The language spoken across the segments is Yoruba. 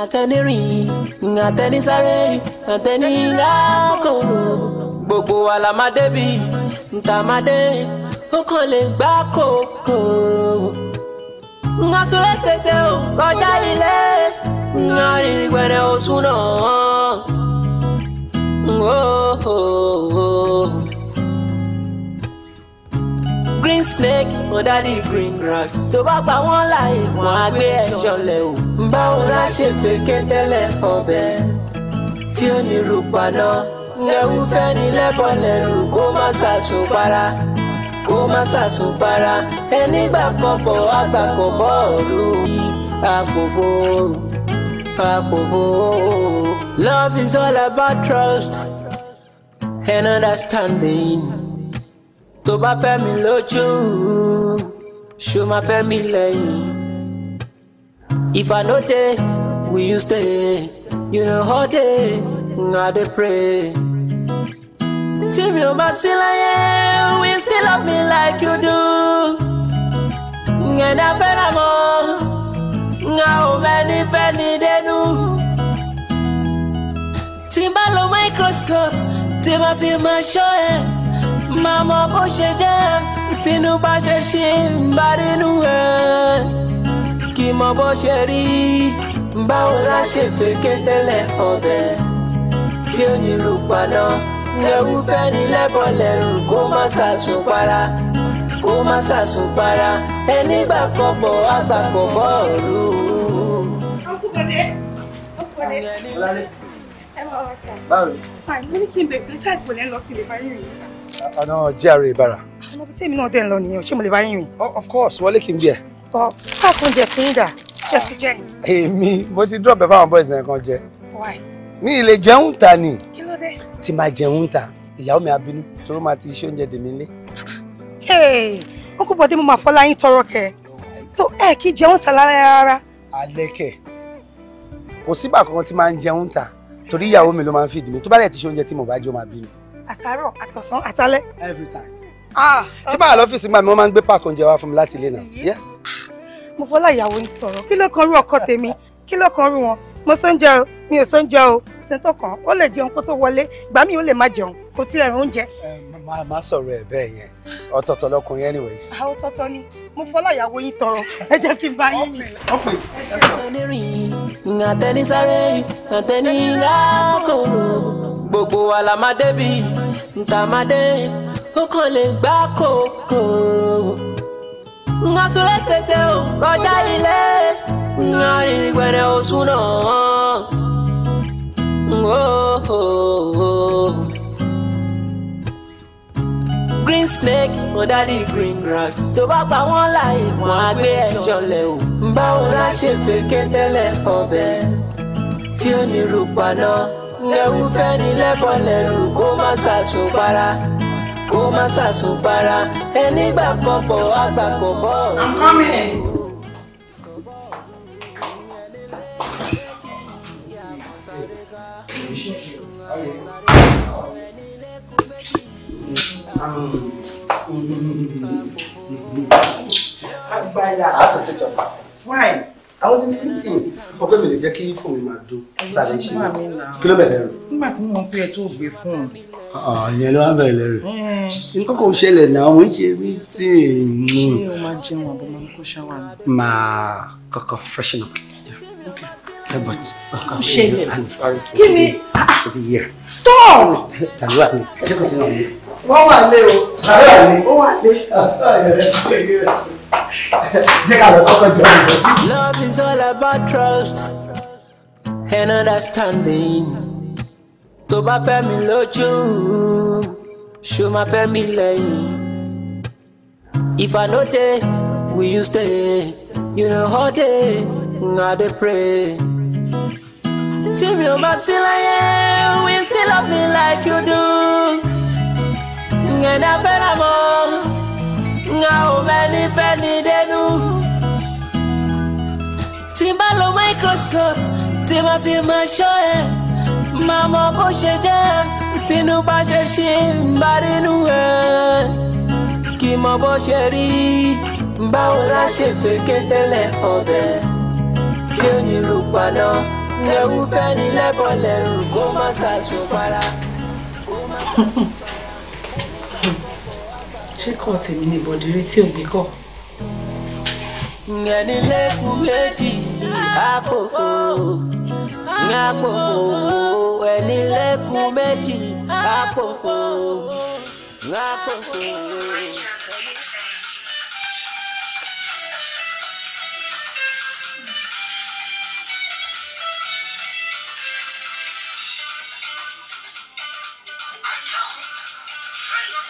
àtẹni rìn àtẹni sáré àtẹni rákòrò gbogbo wa la máa débi ntà máa dé ó kàn lè gbá kókó. Nga tètè o kọjá ilé nga ìrìngbẹ̀rẹ̀ òsùn náà. green snake under the green grass. tó bá pa wọ́n láàyè wọ́n á gbé ẹ̀ ṣọlẹ̀ o. báwo la ṣe fèké tẹ́lẹ̀ ọbẹ̀ tí ó ní rúpaná. lẹ́wù fẹ́ ni lẹ́bọ̀ lẹ́rù kó má ṣàṣùn para kó má ṣàṣùn para. ẹnígbà kan bọ̀ àgbà kan bọ̀ ọ̀lú àpòfo Love is all about trust and understanding tó bá fẹ́ mi lójú ṣó máa fẹ́ mi lẹ́yìn. if i no dey will you stay you know how day i dey pray. tí mi ò bá sí láyé will you still love me like you do. ẹ̀dá fẹ́ràn mọ́ a ò mẹ́ni fẹ́ni dénú. tí n bá lo microscope tí n bá fi máa ṣọ́ ẹ. Mama mọ bó ṣe jẹ́ tínú bá ṣe ṣe ń bá nínú ẹ̀ kí mọ bó ṣe rí báwo la ṣe fèké tẹ́lẹ̀ ọbẹ̀ tí ó ní rúpaná lẹ́wù fẹ́ ní lẹ́bọ̀ lẹ́rù kó má ṣàṣùn para kó má ṣàṣùn para ẹni gbà kan bọ̀ àgbà kan bọ̀ rú. báwo ni. mo ní kí n bèbè sáà ìpò lẹ́nu ọkùnrin bá sáà ọ̀nà GRA Ìbàrà. ọmọ bíi tèmi náà dẹ̀ ń lọ nìyẹn ṣé mo lè bá yín rìn. Oh, of course wọlé kí n bí ẹ. ọ káàkùn jẹ fún yín dà ṣe ti jẹ ni. èmi mo ti drop ẹ fáwọn boys yẹn kan jẹ. why. mi ì lè jẹun ta ni. kí ló dé. tí máa jẹun ta ìyàwó mi abínú toró máa ti ṣe oúnjẹ dèmi lé. ó kú bọ́dé mo máa fọ́lá yín tọrọ kẹ so ẹ kì í jẹun ta lára rárá. alẹ́ kẹ̀ kò sígbà kankan tí máa ń jẹun ta torí ìyàwó mi ló máa ń fìdí mi tó bá dẹ̀ ti ṣe oúnjẹ tí mo bá jẹ́ ó máa àtàárọ̀ àtọ̀sán àtálẹ́. every time. ah tí báyà lọ́fíìsì gbà mí wọ́n máa ń gbé páàkì oúnjẹ wá fún mi láti ilé náà. yes. Ah, mo fọlá ìyàwó ń tọrọ kí ló kan rú ọkọ tèmi kí ló kan rú wọn mo sọ o mi ò sọ o ṣètò kan ó lè jẹun kó tó wọlé ìgbà míì ó lè má jẹun kò tí ẹ̀rùn oúnjẹ. má sọ̀rọ̀ ẹ̀ bẹ́ẹ̀ yẹn ọ̀tọ̀ọ̀tọ̀ lọkùnrin anyways. àwọn ọ̀tọ̀ọ̀tọ̀ ni mo fọlá ìyàwó yín tọrọ ẹ jẹ́ kí n bá yín mi. àtẹnirìn àtẹnisáré àtẹnirákò gbogbo wa la máa débi ntàmádé ó kàn lè gbá kókó. nga sọ̀rọ̀ tètè o ilé nga rìn gbẹ̀rẹ̀ Oh, oh, oh. green snake mọ̀dálì green grass. tó bá pa wọ́n láàyè wọ́n á gbé ẹ̀ṣọ́ lẹ̀ o. báwo la ṣe fèké tẹ́lẹ̀ ọbẹ̀ tí ó ní rúpa lọ. lẹ́wù fẹ́ ni lẹ́bọ̀ lẹ́rù kó má ṣàṣùn para kó má ṣàṣùn para ẹni kan bọ̀ àgbà kan bọ̀. I'm coming. agbára àti ṣètò fine i was in anything ọgbẹ́ mi lè jẹ́ kí fóònù máa do tàbí ṣe kí ló bẹ̀rẹ̀ rẹ̀. nígbà tí mo pe ẹ tó gbé fóònù. Ah, ah, ìyẹn ló wá bẹ̀rẹ̀ rẹ̀ hmm. nǹkan kò ṣẹlẹ̀ náà mo ń ṣe meeting. ṣé o máa jẹun àbọ̀ máa ń kó ṣáwá mi. máa kọ́kọ́ freshen up. Okay. But ṣẹlẹ̀ kí ni ah! stop. tàbí wà ní ẹjẹ náà wọ́n wà lé o. Àbẹ́ àlè. Ó wà lé. Jẹ́ ká lọ kọ́kọ́ jọ ìbọn. Love is all about trust and understanding. Tó bá fẹ́ mi lójú, ṣó máa fẹ́ mi lẹ́yìn. If I no dey, will you stay? You know how day, I dey pray. Tí mi ò bá sí láyé, will you still love me like you do? ngene fena mo nga o meni feni denu timba lo microscope tí ma fi ma ṣọ́ ẹ e. ma mọ bó ṣe jẹ́ tínú bá ṣe ṣe ń bá nínú ẹ kì í mọ bó ṣe rí báwo la ṣe fèké tẹ́lẹ̀ ọbẹ̀ tí ó ní rúpaná lẹ́wù fẹ́ ni lẹ́bọ̀ lẹ́rù kó má ṣàṣùpara kó má ṣàṣùpara ṣé kọ́ tèmi ni bọ̀dìrí tí ò kọ́. ìyẹnì lẹ́kùn méjì àpòfò ní àpòfò ẹni lẹ́kùn méjì àpòfò ní àpòfò.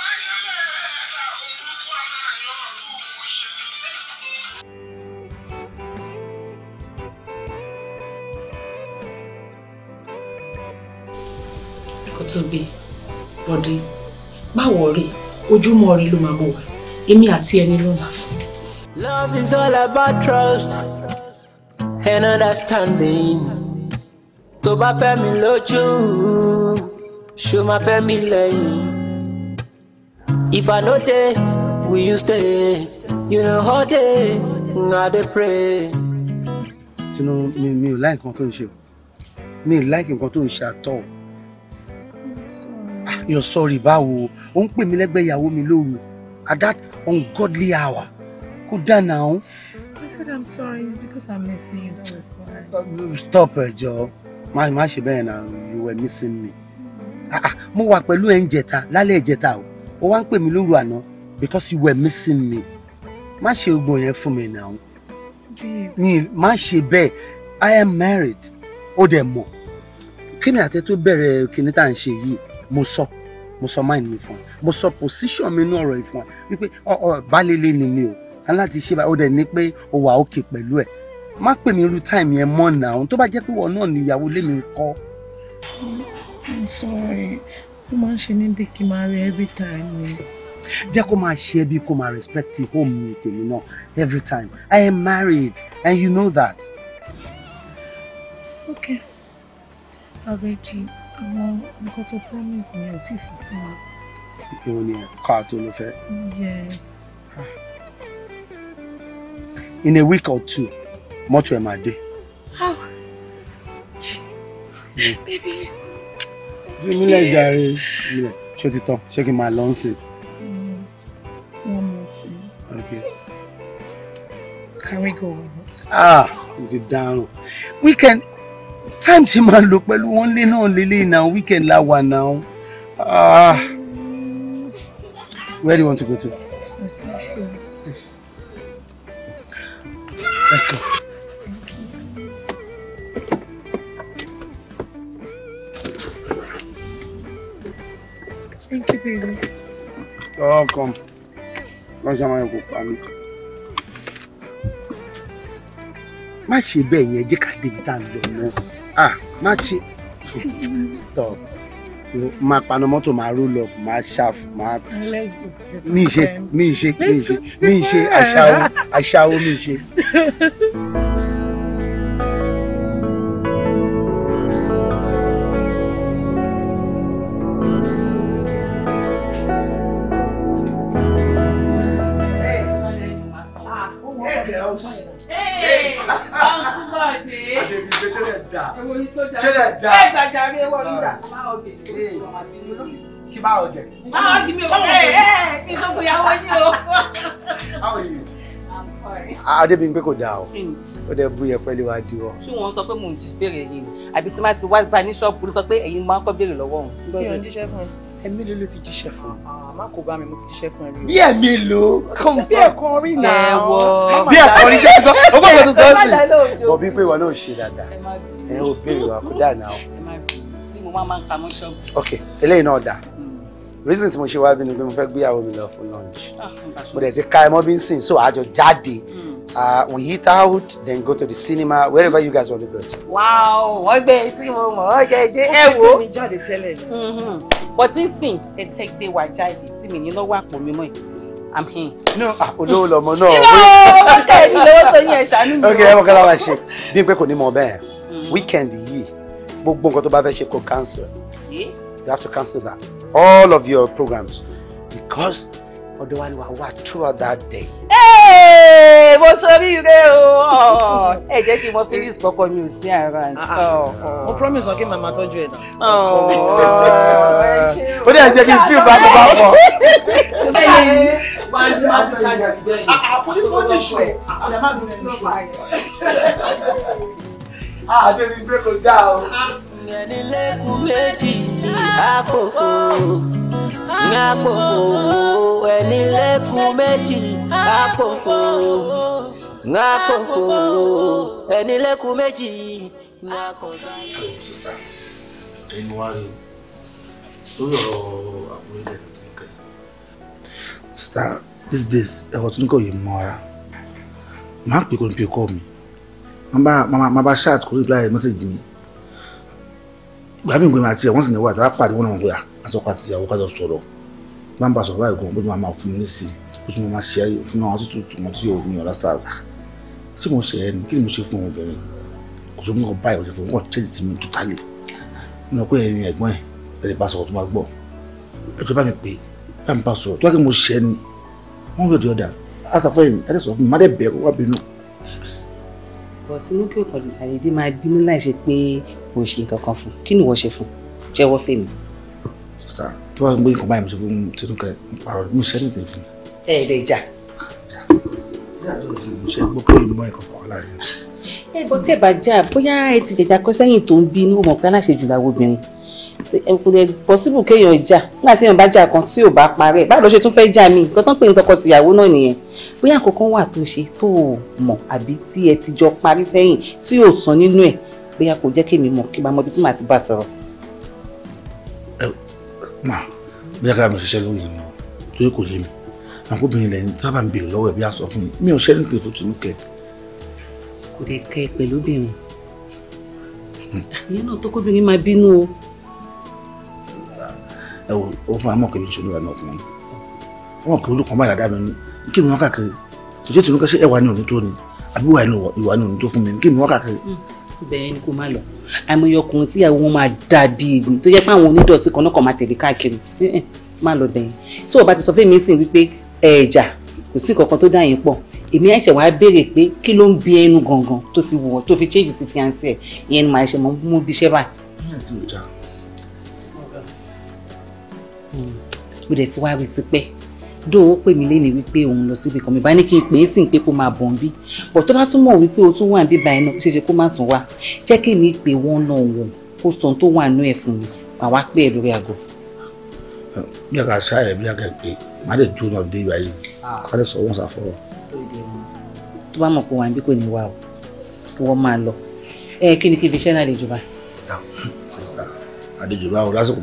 Mario! Tóbi Bọ́dé báwo rí ojúmọ́ rí ló máa bọ̀ wá èmi àti ẹni ló máa. Love is all about trust and understanding. Tó bá fẹ́ mi lójú, ṣó máa fẹ́ mi lẹ́yìn. If I no dey, will you stay? You know how day, I dey pray. Tinú mi mi ò láì nǹkan tó ń ṣe mi ò láì nǹkan tó ń ṣe àtọ̀ you're sorry báwo ó ń pè mí lẹ́gbẹ̀ẹ́ ìyàwó mi lóru at that ungodly hour kó dáná o. I said I'm sorry it's because I'm missing you don't uh, stop ẹ jọ má má ṣe bẹ́ẹ̀ na you were missing me ah, ah, mo wà pẹ̀lú ẹ̀ ń jẹta lálẹ́ ìjẹta o ó wá ń pè mí lóru àná because you were missing me má ṣe ogun yẹn fún mi náà mi má ṣe bẹ́ẹ̀ I am married ó dẹ̀ mọ̀ kí ni àti tó bẹ̀rẹ̀ kìnìtà ń ṣe yìí mo sọ mo sọ mind mi fún ẹ mo sọ position mi nú ọ̀rọ̀ yìí ẹ wípé ọ ọ ni mi o aláti ṣe báyìí ó dẹ̀ ní pé o wà òkè pẹ̀lú ẹ̀ má pè mí irú táìmù yẹn mọ́ nà án tó bá jẹ́ pé wọ́n náà níyàwó lémi kọ́. i'm sorry ó máa ń ṣe mí bí kí n máa rí every time ni. jẹ́ kó máa ṣe bí kó máa respect home mi tèmi náà every time i am married and you know that. okay abeg you àwọn nǹkan tó promise mi ò fún fún wa. ìwọ ni ká tó ló fẹ́. yes. Ah. in a week or two mọ́tò ẹ̀ máa dé. sí ah. mílẹ̀ jàre mílẹ̀ ṣé o ti tán ṣé kí n máa lọ ń sìn. Mm. one more thing. okay. can we go. ah mo down. We can time ti máa lò pẹ̀lú wọn lé náà lélẹ̀ náà weekend la wà náà. Ah. Where do you want to go to? Let's go. Thank you, baby. Oh, come. Wọ́n ṣe máa ń kó pa mí. Má ṣe bẹ́ẹ̀ yẹn, jẹ́ ká débi tá a lọ náà ah má ṣe stop máa paná mọ́tò máa roll up máa ṣàf máa mi ṣe mi ṣe mi ṣe mi ṣe aṣáwo aṣáwo mi ṣe. lè da. ẹ gbàjà rí ewọ nígbà. kí bá ọjẹ. bá ọjẹ mi ò kẹ́ ẹ kí n tó gbéyàwó yín o. how are you. i'm fine. kò dáa o hmm. ó dẹ bú yẹpẹ lé wa di ọ. ṣé wọn sọ pé mò ń jí béèrè yìí àbí tí má ti wá gba ní ṣọ́ọ̀bù ló sọ pé ẹ̀yin máa ń kọ́ béèrè lọ́wọ́ òun. kí ni ò ń jíṣẹ́ fún un ẹ̀mí ló ló ti jíṣẹ́ fún mi. àmọ́ kò bá mi mo ti jíṣẹ́ fún ẹ̀mí. bí ẹ̀mí ló kàn bí ẹ̀kan rí nà ẹ̀wọ̀ bí ẹ̀kan rí ṣẹ́yìn tán ó bá wọn tó sọ́ọ́ sí. bọ̀ bí pé ìwà náà ṣe dáadáa ẹ̀ ò béèrè wa kó dáa náà. mo máa máa ń ka mọ́ ṣọ́ọ̀bù. ok eléyìí náà dáa hmm. reason tí mo ṣe wá bí ni pé mo fẹ́ gbéyàwó mi lọ fún lunch ah, mo dẹ̀ ti ka ẹ mọ́ bí n sìn so àjọ jáde uh, we eat out, then go to the cinema, wherever you guys want to go to. Wow, wọ́n gbé sí mo mọ̀ ọ́ jẹ́ ẹ̀jẹ̀ ẹ̀wò. Ó fi mi jáde tẹ́lẹ̀ ni. Hmm, but n sìn tẹ́tẹ́ gbé wà jáde tí mi ní lọ́wọ́ àpò mi mọ́ ẹ̀ i'm here. no ah, olówó lọmọ náà. irọ́ ẹ̀yin lówó tó yín ẹ̀ ṣàánú mi. ok ẹ mọ̀ kí láwa ṣe bí n pé kò ní mọ bẹ́ẹ̀ mm. weekend yìí gbogbo nǹkan tó bá fẹ́ ṣe kò cancel eh? you have to cancel that all of your programs because ọ̀dọ̀ wa ni wà wá throughout that day. mo ṣoríire o ẹ jẹ́ kí n mọ Felix kọ́kọ́ mi ò sí around. Ah, ah. mo promise wọn kí màmá tọ́jú ẹ̀ náà. Oh. Oh, ó dẹ̀ jẹ́ kí n fi ìgbà tó bá pọ̀. àdé mi gbé kò dáa o. ìyẹn méjì àpòfò ŋàpòfò ẹni lẹ́kùn méjì ŋàpòfò ŋàpòfò ẹni lẹ́kùn méjì ŋàpòfò. sísá these days ẹ̀rọ tó ń kọ̀ yìí mọ́ra máa pè kó ní pè kọ́ mi máa bá ṣáàtì kó rí pláyà mẹ́sàgì mi ìgbà mi ìgbìmọ̀ àti ẹ̀ wọ́n sì ní wà tó bá pàdé wọn náà wọ́n gbé wa. Ah, àtọkọ àti ìyàwó kájọ sọ̀rọ̀ gbàǹbà sọ̀rọ̀ báyìí gan bó ti máa máa fún mi sí bó ti máa ṣe fún àwọn tó tuntun tí òun yàn lásà ṣé mo ṣe ẹni kí ni mo ṣe fún obìnrin kò tó nǹkan báyìí kò tó fún nǹkan chẹ́ẹ̀dì sí mi tó tálẹ̀ mo rò pé ẹni ẹ̀gbọ́n ẹ̀ ẹ̀rẹ̀ bá sọ̀rọ̀ tó máa gbọ́ ẹjọ́ bá mi pè é bá mi bá sọ̀rọ̀ tó wá kí mo ṣe ẹni wọ́n rò di ọ̀dà àtàfẹ́ mi ẹ̀rẹ́ sọ fún mi má dẹ̀ bẹ̀rù ṣe wọ́n ṣe fún star tó bá ń gbé nǹkan báyìí mo ti fún tinúkẹ pààrọ̀ mi ṣẹ́ nìkan fún mi. ẹ ẹ lè jà. ìyáàjọ ti mo ṣe gbọ́ pé olùmọ̀ ẹ̀kọ́ fún wa láàrin. ẹ bọ́ tẹ́ bá jà bóyá ẹ ti lè dakọ́ sẹ́yìn tó ń bí inú mọ̀ pé aláṣejù làwọn obìnrin kò lè pọ́síbù kéèyàn jà nígbà tí èèyàn bá jà kan tí ò bá parẹ́ báwo ló ṣe tún fẹ́ jà mí nǹkan tó ń pè ní tọkọ-tìyàwó náà nìyẹn bóyá àkókò wà tó ṣe tó o mọ̀ àbí tí ẹ ti jọ parí sẹ́yìn tí ò tán nínú ẹ̀ bóyá kò jẹ́ kémi mọ̀ kí n bá mọ ibi tí màá ti bá sọ̀rọ̀. Ma, bóyá ká mi ṣiṣẹ́ lóyún ni o torí kò yé mi àwọn obìnrin lẹ́yìn tábà ń béèrè lọ́wọ́ ẹ̀ bí a sọ fún mi mi ò ṣẹ́ nípa ètò tìlú kẹ. kò lè kẹ pẹ̀lú obìnrin ìyẹn hmm. náà tó kóbìnrin máa bínú o. ẹ wo ó fún amọ̀ kẹ́mi ìṣòro àná ọkùnrin wọn kò olùkọ́ bá dàda mi ní kí ni wọ́n káàkiri kò tìlú kẹ́sẹ́ ẹ̀wà ni òun tó ni àbí ìwà ni òun tó fún mi ní kí ni wọ́n káàkiri. Hmm bẹ́ẹ̀ ni kò má lọ àìmọye ọkùnrin tí ìyàwó wọn máa dà bí igun tó jẹ́ pé àwọn onídọ̀tí kan náà kàn máa tẹ̀lé káàkiri má lọ bẹ́ẹ̀ tí o bá ti sọ fún mi sìn wípé ẹ̀ẹ̀jà kò sí nǹkan kan tó dà yín pọ̀ èmi àìṣẹ̀ wàá béèrè pé kí ló ń bi ẹnu gangan tó fi wọ̀ tó fi change sí fiancé ẹ̀ ìyẹn ni màá ṣe mọ́ mú bí iṣẹ́ báyìí. Hmm. mo dẹ̀ ti wá wí tipẹ́ do ó pè mí lé ní wípé òun lọ síbi kan mi bá ní kí n pè é sì ń pé kó máa bọ̀ ń bí bọ̀ tó bá tún mọ̀ wípé o tún wà ń bí báyìí náà ṣeéṣe kó má tún wà jẹ́ kí mi pè wọ́n náà wọ̀ kó sàn tó wà nú ẹ̀ fún mi àwa pè é lórí aago. bí a kà ṣá ẹ bí a kà pé má lè dúró náà dé ibà yìí ah. ká lè sọ wọn ṣàfọwọ́. tó bá mọ̀ pé wà ń bí kò ní wà o kí wọ́n máa lọ ẹ kí ni kí fi ṣẹ́ náà lè jọba. Ah, àdéjọba o lásìkò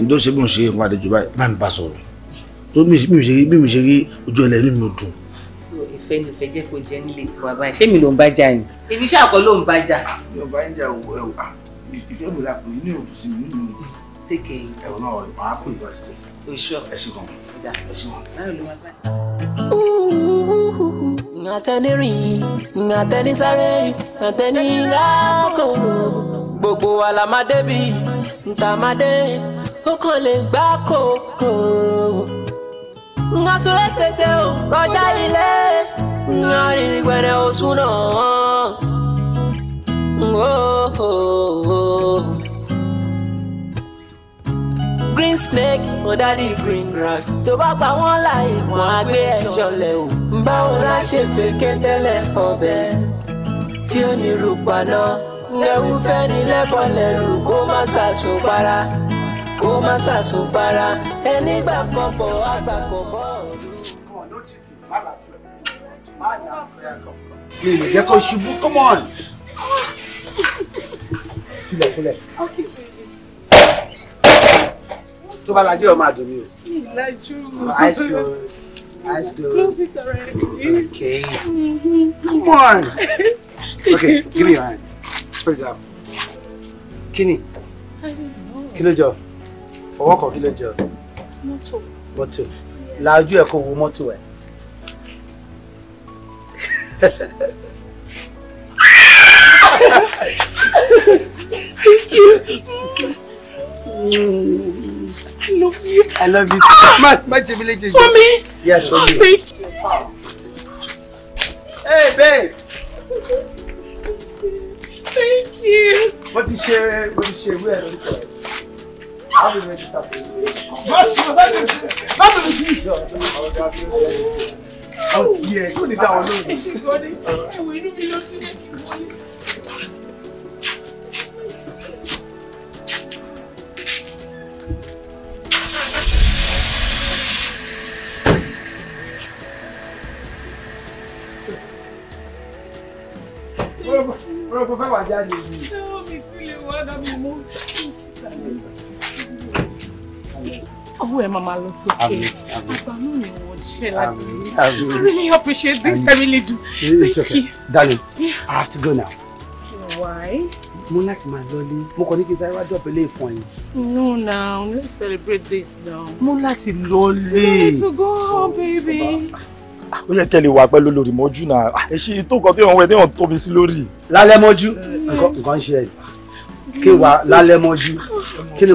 ǹdó ṣe bí mo ṣe nǹkan àdéjù báyìí bá mi bá sọ̀rọ̀ tó bí mi ṣe rí bí mi ṣe rí ojú ẹlẹ́ mi mo dùn. ìfẹ́ ni ìfẹ́ jẹ́ kó jẹ́ nílé tiwa báyìí ṣé mi ló ń bá jà ni. èmi ṣàkọ́ ló ń bá jà. mi ò bá ń jà o ẹ wà ìfẹ́ mi la pè ní òtún sí mi nínú ẹ̀wọ̀n náà rẹ̀ máa kó ìgbà sí ẹ sí kan ẹ sí kan. Àtẹni rìn, àtẹni sáré, àtẹni rákò, gbogbo wa la máa débi, ntàmádé n kò lè gbá kókó. Nga sure tètè o kọjá ilé, nga rírì gbẹ̀rẹ̀ oṣù náà. Green snake under the green grass. Tó bá pa wọ́n láì wọ́n á gbé ẹ̀ṣọ́ lẹ̀ o. Báwo la ṣe fèké tẹ́lẹ̀ ọbẹ̀ tí ó ní rúpa náà? Lẹ́wù fẹ́ ni lẹ́bọ̀ lẹ́rù kó má ṣàṣùpara kó má ṣàṣù para ẹni gbà kan bọ̀ àgbà kan bọ̀ mi ò jẹ́ kó ṣubú come on. filẹ̀ filẹ̀. tó bá lajú ọmọ àdùn mi o. lajú. eyes closed. eyes closed. okay. come on. okay give me your hand. spread it out. kí ni. kí ló jọ fọwọ́ kàn kí ló jẹ ọ. mọ́tò. mọ́tò la ojú ẹ̀ kó wo mọ́tò ẹ̀. I love you. I love you. Ah! My, my for me? Yes, for me. Hey, babe. Thank you. What did you share? What did you share? Where are How do you register for it? That's That's what it is. Oh, yeah, kò ní dá wọn lóhùn. Èsì gbọ́dé, ẹ̀wọ̀ inú mi ló sílẹ̀ kí n wọlé. Bọ́lá bọ́lá fẹ́ wà Oh ẹ Mama looks okay. sókè àgbà náà ni wọ́n ṣe láti I really appreciate this I really do thank okay. you. darling yeah. I have to go now. why. mo láti máa lọ lé mo kàn ní kí n sáré wá dọ̀bẹ̀ lé ìfọ̀n no now let's celebrate this now. mo láti lọ lé. you to go home baby. Oh, ó yẹ kẹ́ lè wà pẹ́ lólórí mọ́jú náà ah, ẹ ṣe tó kọ tí wọ́n wẹ̀ tí wọ́n tóbi sí lórí. lálẹ́ mọ́jú nǹkan ń ṣe ẹ̀ kí wà lálẹ́ mọ́jú kí ni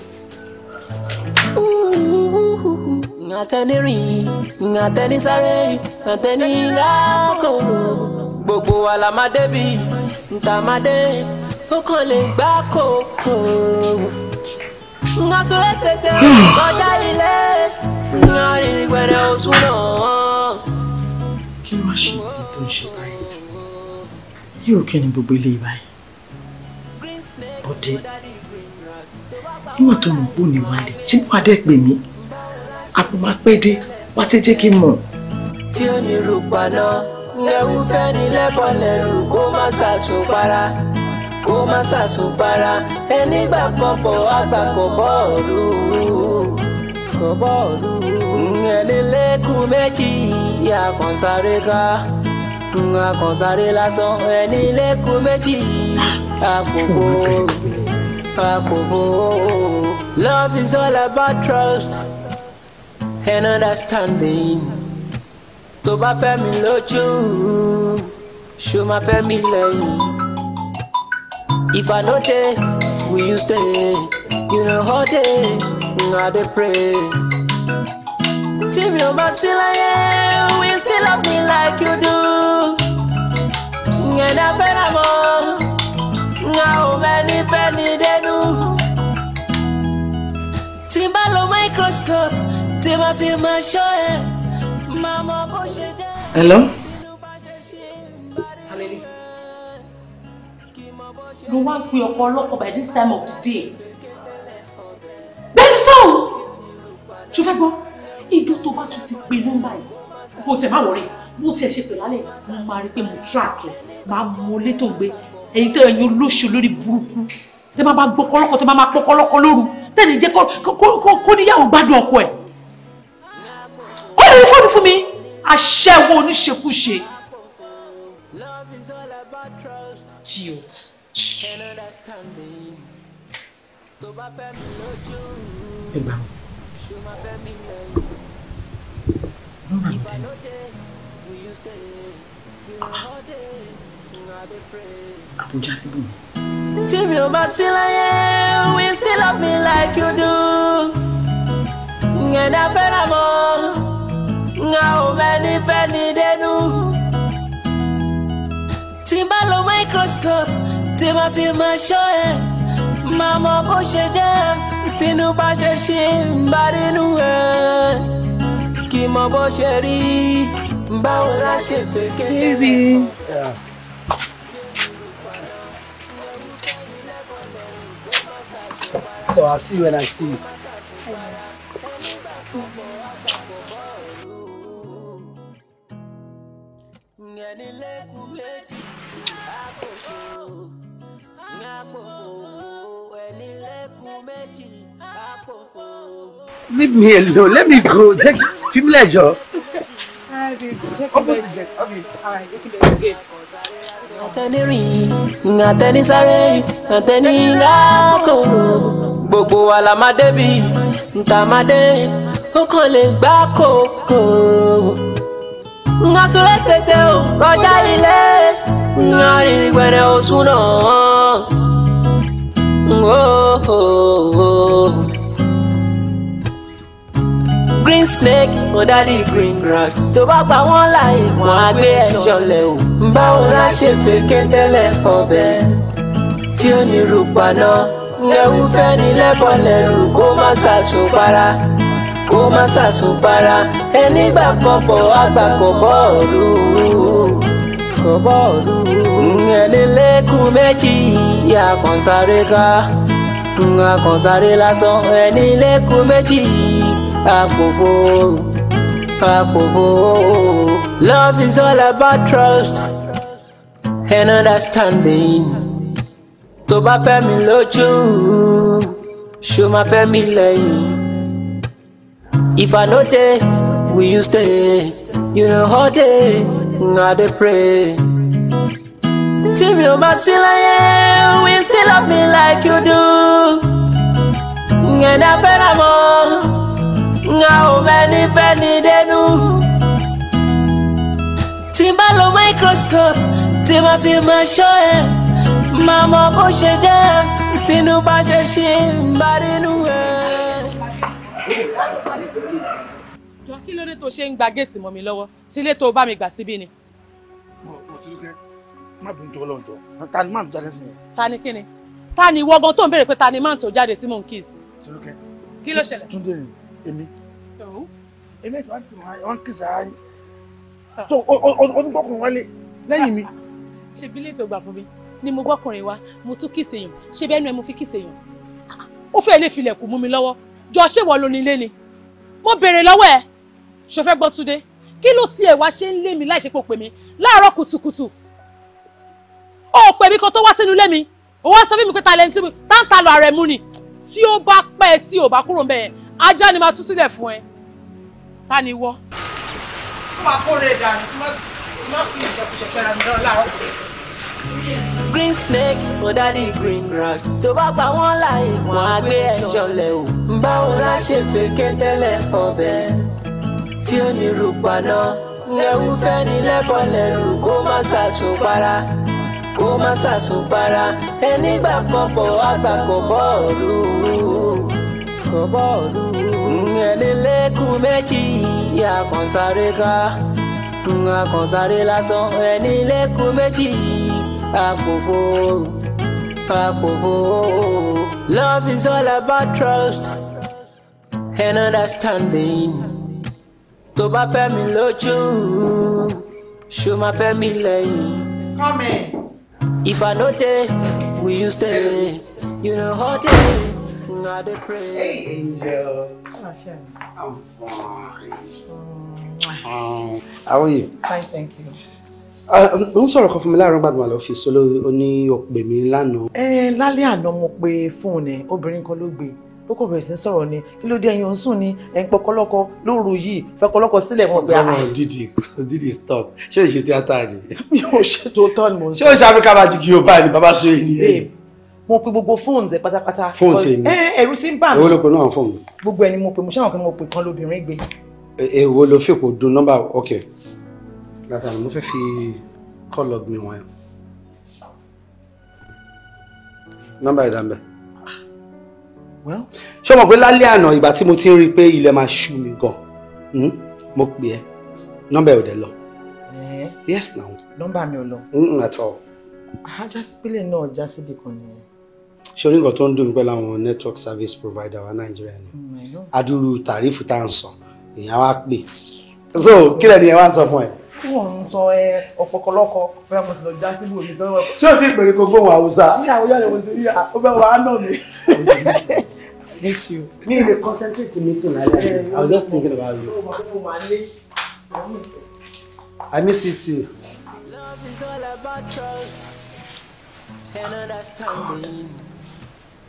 àtẹnirí àtẹnisáré àtẹnilákò gbogbo wa la máa débi ntàmádé ó kàn lè gbá Ngasore kọjá ilé oṣù náà. Kí ló ṣe tó ń ṣe báyìí? Yóò kí ni gbogbo ilé báyìí? Bọ́dé. nígbà tó mọ̀ pò ní wálé ṣé wàá dẹ́ pè mí àpò máa pẹ́ dé wá ti jẹ́ kí n mọ̀. tí ó ní rúpa lẹ́wù fẹ́ ni lẹ́bọ̀ lẹ́rù kó má ṣàṣùn para kó má ṣàṣùn para ẹni gbà kan àgbà kan bọ́ọ̀lù kan bọ́ọ̀lù ẹlẹ́lẹ́kùn méjì àkànṣáré ká àkànṣáré lásán ẹni lẹ́kùn méjì àkókò. Kakovo. Love is all about trust and understanding. To my family, love you. Show my family. If I no dey, will you stay? You know how day, I dey pray. Tí mi ò bá sí will you still love me like you do? Yẹn dá fẹ́ràn mọ́ a ò mẹ́ni fẹ́ni dẹnu. tí bá lo microscope tí mo fi máa ṣọ́ ẹ máa mọ bó ṣe jẹ́. hello. ló wá ń pe ọkọ up by this time of the day. bẹ́ẹ̀ni sọ́hùn ṣó fẹ́ gbọ́ ìjọ tó bá tún ti pe nọ́mbà yìí kò tẹ̀ má wọ̀rẹ́ bó tiẹ̀ ṣe pè lálẹ́ mo máa rí i pé mo tíráàkì máa mú un létò gbé ẹ̀yin tẹ́ ẹ̀yin olóṣù lórí burúkú tẹ́ máa bá gbọ́ kọ́lọ́kọ́ tẹ́ máa máa pọ́ kọ́lọ́kọ́ lóru tẹ́ ní jẹ́ kó níyàwó gbádùn ọkọ ẹ̀ ó lè fọ́ọ̀nù fún mi aṣẹ́wó oníṣekúṣe idiot. ẹ gbà wọn ń bà mí tẹ́lẹ̀. Àbújá sí bùnmi. Tí mi ò bá sí láyé, we still love me like you do. Ǹyẹn dá fẹ́ràn mọ́, ǹyà ò mẹ́ni fẹ́ni dẹnu. Tí n bá lo microscope, tí n bá fi máa ṣọ́ ẹ̀, máa mọ bó ṣe jẹ́, tínú ṣe ṣe ń bá nínú ẹ̀. Kì í mọ bó ṣe rí, báwo la ṣe fèké. Baby. So I'll see you when I see you. Leave me alone. Let me go. Take privilege. Okay. Okay. All right, you can do àtẹnirìn àtẹnisáré àtẹnirákò gbogbo wa la máa débi ntà máa dé ó kàn lè gbá kókó. nga sọ̀rọ̀ tètè o kọjá ilé nga rírì gbẹ̀rẹ̀ oṣù náà green snake under the green grass. tó bá pa wọ́n láàyè wọ́n á gbé ẹ̀ṣọ́ lẹ̀ o. báwo la ṣe fèké tẹ́lẹ̀ ọbẹ̀ tí ó ní rúpa náà. lẹ́wù fẹ́ ni lẹ́bọ̀ lẹ́rù kó má ṣàṣùn para kó má ṣàṣùn para ẹni gbà kan àgbà kan bọ́ọ̀lù kan bọ́ọ̀lù. ẹ̀ẹ́dẹ́lẹ́kùn méjì àkànṣáré ká àkànṣáré lásán ẹni lẹ́kùn méjì yìí. Akpofo, Akpofo. Love is all about trust and understanding. Tó bá fẹ́ mi lójú, ṣó máa fẹ́ mi lẹ́yìn. If I no dey, will you stay? You know how day, I dey pray. Tí mi ò bá sí láyé, will you still love me like you do? Ǹjẹ́ ní abẹ́rẹ́ mọ́? nga ò mẹ́ni fẹ́ni dẹnu. tí n bá lo microscope tí mo fi mọ ṣọ́ ẹ máa mọ bó ṣe jẹ́ tínú bá ṣe ṣe ń bá nínú ẹ. jọ kí ló dé tó ṣe ń gba géètì mọ́ mi lọ́wọ́ tílé tó bá mi gbà síbí ni. mo ò tún kẹ́ má bínú tó lọ́wọ́ jọ ta ni máà tó jáde sí yẹn. ta ni kíni ta ni wọ́gán tó ń béèrè pé ta ni máà tó jáde tí mò ń kíìsì. kí ló ṣẹlẹ̀. túndé nìyí èmi èmi ètò àti wọn kì í yín so ọdún gbọkùnrin wálé lẹ́yìn mi. ṣebí lè tó gbà fún mi ni mo gbọkùnrin wa mo tún kì í ṣèyàn ṣebí ẹnu ẹ mo fi kì í ṣèyàn ó fẹ́ lè filẹ̀kùn mú mi lọ́wọ́ jọ ṣé wọ́n lo ní ilé ni mo béèrè lọ́wọ́ ẹ̀ ṣo fẹ́ gbọ́ túnde kí ló tiẹ̀ wá ṣe ń lé mi láì ṣe pé o pè mí láàárọ̀ kùtùkùtù ó pè mí kó tó wá sínú ilé mi òun wá sọ fún mi pé ta lẹ́ni tí mo tá ń ta lọ ààrẹ mú ni tí ó bá pẹ́ tí ò bá kúrò mbẹ́ yẹn ajá ni máa tú sílẹ̀ fún ẹ ta ni wọ́. ó máa kó rẹ̀ dànù má fi ìṣẹ̀kùṣẹ̀ ṣẹ̀ra mi lọ́la ọ̀sẹ̀. green snake under the green grass tó bá pa wọ́n láàyè wọ́n á gbé ẹ̀ṣọ́ lẹ̀ o báwo la ṣe fèké tẹ́lẹ̀ ọbẹ̀ tí ó ní rúpa náà lẹ́wù fẹ́ ni lẹ́bọ̀ lẹ́rù kó má ṣàṣùn para kó má sàsùn para ẹni kan bọ̀ àgbà kan bọ́ọ̀lù kan bọ́ọ̀lù yẹn nílé kú méjì àkànsáré ká àkànsáré lásán ẹni lẹ́kùn méjì àpòfo Love is all about trust and understanding. Tó bá fẹ́ mi loju, ṣó máa fẹ́ mi lẹ́yìn. Come in. If I no dey, will you stay? You know how day. Now they pray. Hey, Angel. I'm fine. How are you? Fine, thank you. Uh, mo um, ń sọ̀rọ̀ kan fún mi láàárọ̀ gbàgbọ́n lọ fi solo oní òpè mi lánàá. Ẹ lálẹ́ àná mo pe fóònù ẹ̀ obìnrin kan ló gbé ó kò bẹ̀rẹ̀ sí sọ̀rọ̀ ni kí ló dé ẹyin ò ń sùn ni ẹ̀ ń pọ kọ́lọ́kọ lóru yìí fẹ́ kọ́lọ́kọ sílẹ̀ mọ̀ pé. ọmọ ah. didi didi stop ṣé o ṣe tíátà ni. mi ò ṣètò tọ́ ni mo ń sọ. ṣé o ṣe Africa Magic Yorùbá ni bàbá sọ èyí ni mo pe gbogbo fóònù ẹ pátápátá. fóònù tèmi eh, ẹrú sí ń bà mí. èwo ló pe náà fóònù. gbogbo ẹ ni mo pe mo ṣáwọn kí mo pe kan lóbìnrin gbé. E, èwo ló fi kò dun nọ́mbà ok látàrí mo fẹ́ fi kọ́ọ̀lù ọ̀gbìn wọn yẹn nọ́mbà ìdánbẹ̀. ṣé o mọ̀ pé lálẹ́ àná ìgbà tí mo ti ń rí i pé ilẹ̀ máa ṣú mi gan-an hmm? mo pè ẹ́ nọ́mbà ò dẹ̀ lọ. Eh? yes now. nọ́mbà mi ò lọ. n n àtọ. ajásípínlẹ̀ náà jásíbì kan nìyẹn ṣé orí nǹkan tó ń dùn mí pẹ̀lú network service provider wa nàìjíríà ni mm, adúrú tàrífù tá à ń sàn èèyàn wá pè so kí lẹ́ni ẹ wá sọ fún ẹ. wọ́n ń sọ ẹ ọ̀pọ̀kọlọ́kọ bẹ́ẹ̀ mo ti lọ já sí ibò mi tọ́wọ́ ṣé o ti pèrè kó gbóhùn haúsá. sí àwọn yàrá ìwé sí ó bẹ́ẹ̀ wà á nà mí. mi ì lè concentrate meeting like eh, I was just thinking about you. I miss you too. Love is all about trust. And understanding. God.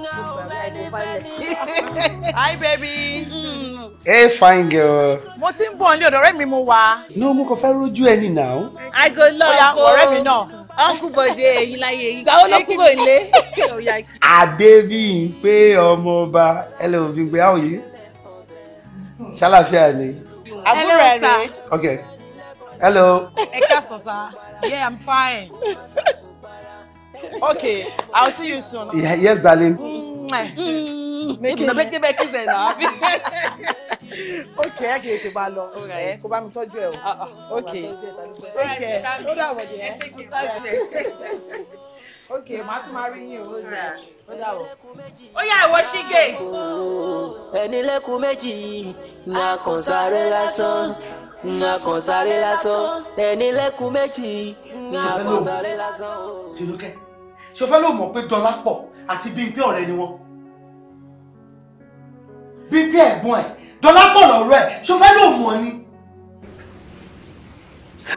Hi, baby. Mm. Hey, fine girl. Mo ti ń bọ̀ ní ọ̀dọ̀ ọ̀rẹ́ mi mo wá. No, mo kàn fẹ́ rójú ẹ ní now. I go love you. Oya ọ̀rẹ́ mi náà. Ọkùbọ̀dé èyí láyé èyí. Ìgbà wo ló kúrò nílé? Adébíyìnpé ọmọ ọba. Hello, Bímpé, how are you? Ṣàlàfíà ni. Àbúrò ẹ̀ ni. Okay. Hello. Ẹ káàsán sá. Yeah, I'm fine. Okay, I'll see you soon. yes, darling. Make it mm, make it now. Okay, okay, okay, ba lọ. Eh, kó bá mi ah, ah. Okay. that eh? Okay, màá tún máa o. Ó dà wọ̀. Ó yá ìwọ méjì na kàn sáré na kàn sáré méjì ṣe o fẹ́ ló mọ̀ pé Dọlápọ̀ àti Bímpé ọ̀rẹ́ ni wọ́n Bímpé ẹ̀gbọ́n ẹ̀ Dọlápọ̀ lọ̀rọ̀ ẹ̀ ṣe o fẹ́ ló mọ̀ ni.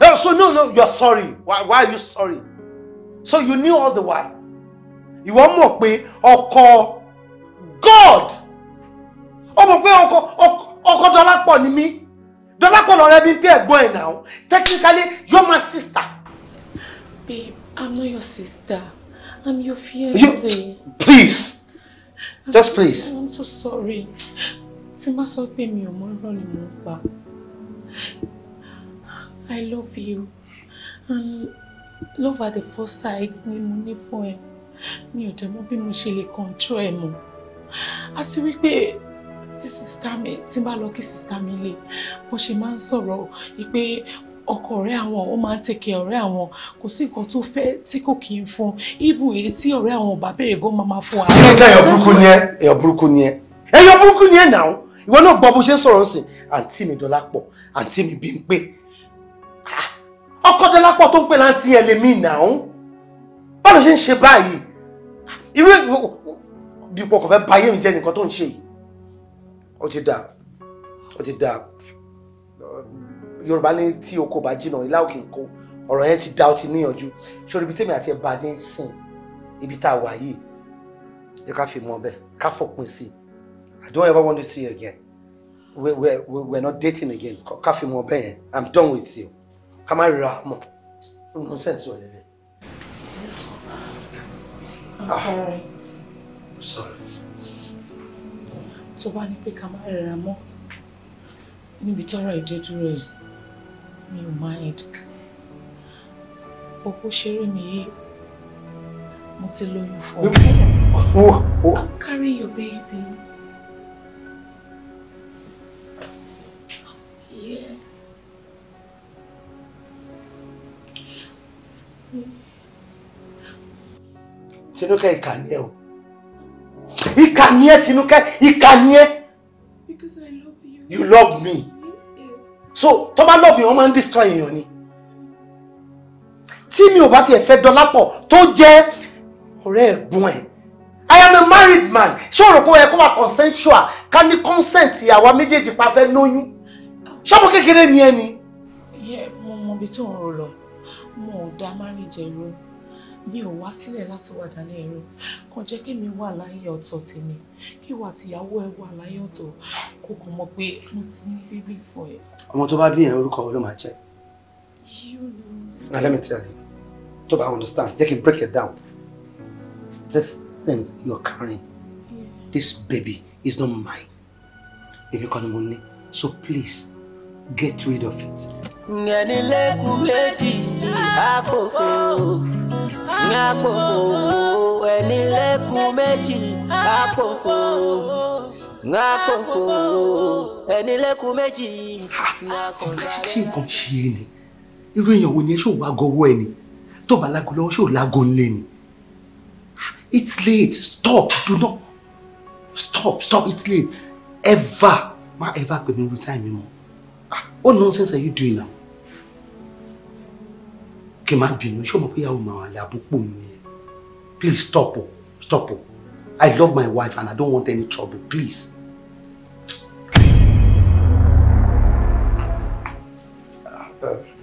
Oh, so no no you are sorry why, why are you sorry so you knew all the while ìwọ mọ̀ pé ọkọ God ó mọ̀ pé ọkọ ọkọ Dọlápọ̀ ni mí Dọlápọ̀ lọ̀rẹ́ Bímpé ẹ̀gbọ́n ẹ̀ now technically you're my sister. Babe, I'm not your sister. I'm your fiance. You, please. I'm, Just please. I'm so sorry. Tí n bá sọ pé mi ò mọ irọ́ ni pa. I love you. And love at the first sight ni mo ní fún ẹ. Mi ò dẹ̀ mọ̀ bí mo ṣe lè control ẹ mọ́. Àti wípé tí sísítà mi tí n bá lọ kí sísítà mi lè, mo ṣe máa ń sọ̀rọ̀ wípé ọkọ ọ̀rẹ́ àwọn ó máa ń tẹkẹ ọ̀rẹ́ àwọn kò sí nǹkan tó fẹ́ tí kò kí n fún ibù èyí tí ọ̀rẹ́ àwọn ọba béèrè gan máa máa fún wa. kílódé ẹyọ burúkú ni ẹ ẹyọ burúkú ni ẹ ẹyọ burúkú ni ẹ nà ìwọ náà gbọ́ bó ṣe ń sọ̀rọ̀ ń sìn àǹtí mi Dọlápọ̀ àǹtí mi bí ń pè ọkọ Dọlápọ̀ tó ń pè láǹtí yẹn lèmi nà ó báwo ṣe ń ṣe báyìí ah, irú dípò kò fẹ́ báyé mi jẹ́ nǹkan tó ń ṣe yìí ó ti dà ó ti dà yorùbá ní tí oko bá jìnnà ilá òkè ń kó ọ̀rọ̀ yẹn ti da ọtí níyànjú sórí ibi tèmi àti ẹ̀ bá dé sìn ibi tá a wà yìí yẹ ká fi mọ bẹ́ẹ̀ ká fòpin sí i I don't ever want to see you again we we we we're not dating again ká fi mọ bẹ́ẹ̀ yẹn I'm done with you ká má rira mọ̀ nonsense wọlé bẹ́ẹ̀. I'm ah. sorry. Sorry. Tó bá ní pé ká má rira mọ́ níbi tọ́rọ̀ ìdé yìí mi ò mind bó bó ṣe rí mi yìí mo ti lóyún fún ọ I'm carrying your baby. Yes. Tinúkẹ́ ìkà ni ẹ́ o. Ìkà ni ẹ́ Tinúkẹ́, ìkà ni ẹ́. Because I love you. You love me so tó bá lọ́ọ̀fù yẹn wọ́n máa ń destroy èèyàn ni tí mi ò bá tiẹ̀ fẹ́ dọ́lápọ̀ tó jẹ́ ọ̀rẹ́ ẹ̀gbọ́n ẹ̀ I am a married man ṣé òrò kó yẹ kó wà consensual ká ní consent àwa méjèèjì pa fẹ́ lóyún ṣọ́bù kékeré ni ẹ ni. mo mọ ibi tó ń rò lọ mo ò dá márìjẹ ro mi ò wá sílẹ̀ láti wà dálé ẹ̀rọ kàn jẹ́ kí mi wà láyé ọ̀tọ̀ tèmi kí wà tìyàwó ẹ wà láyé ọ̀tọ̀ kò kàn mọ̀ pé mo ti ń bíbí fún ẹ. ọmọ tó bá bí yẹn orúkọ ló máa jẹ. now let me tell you tó bá understand jẹ́ kí n break it down this thing you are carrying yeah. this baby is not mine èmi kan ni mo ní so please get rid of it. ǹyẹn ní méjì a kò fún un ŋàpòfò ẹni lẹ́kùn méjì ŋàpòfò ŋàpòfò ẹni lẹ́kùn méjì. ṣé nǹkan ṣe é ni irú èèyàn wo ni ẹ ṣòwò agọwọ ẹ ni tó bá lágo lọ́wọ́ ṣòwò lágo ńlẹ̀ ni it's late stop do not stop stop it's late ever má ever pè mí irú táìmì mọ́ what nonsense are you doing now kí n má bínú ṣé o mọ̀ pé ìyàwó máa wà àbúkù mi nìyẹn please stop o stop o I love my wife and I don't want any trouble please.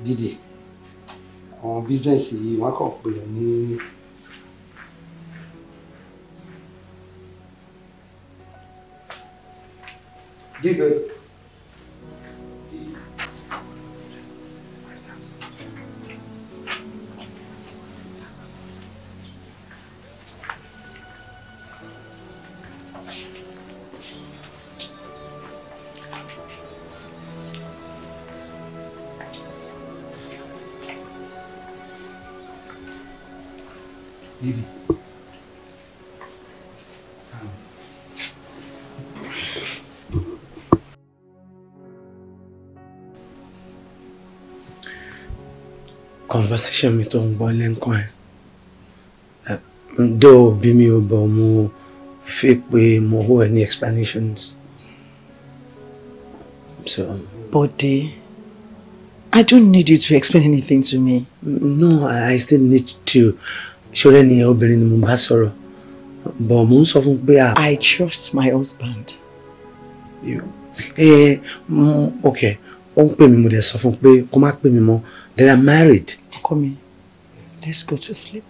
Didi àwọn bísíǹsì yìí wọ́n kàn pè é ní. Didi. conversation mi tó ń gbọ́ lẹ́ńkàn ẹ̀ ǹdẹ́ ò mi ò bọ̀ mo fi pé mo hó ẹ explanations. So, um, I don't need you to explain anything to me. No, I still need to. Ṣọ́rẹ́ ni obìnrin ni mo bá sọ̀rọ̀. But mo ń sọ fún pé a. I trust my husband. You. Eh, okay, ó ń pè mí mo dẹ̀ sọ fún pé kó má pè mí mọ́. They are married. Come in. Let's go to sleep.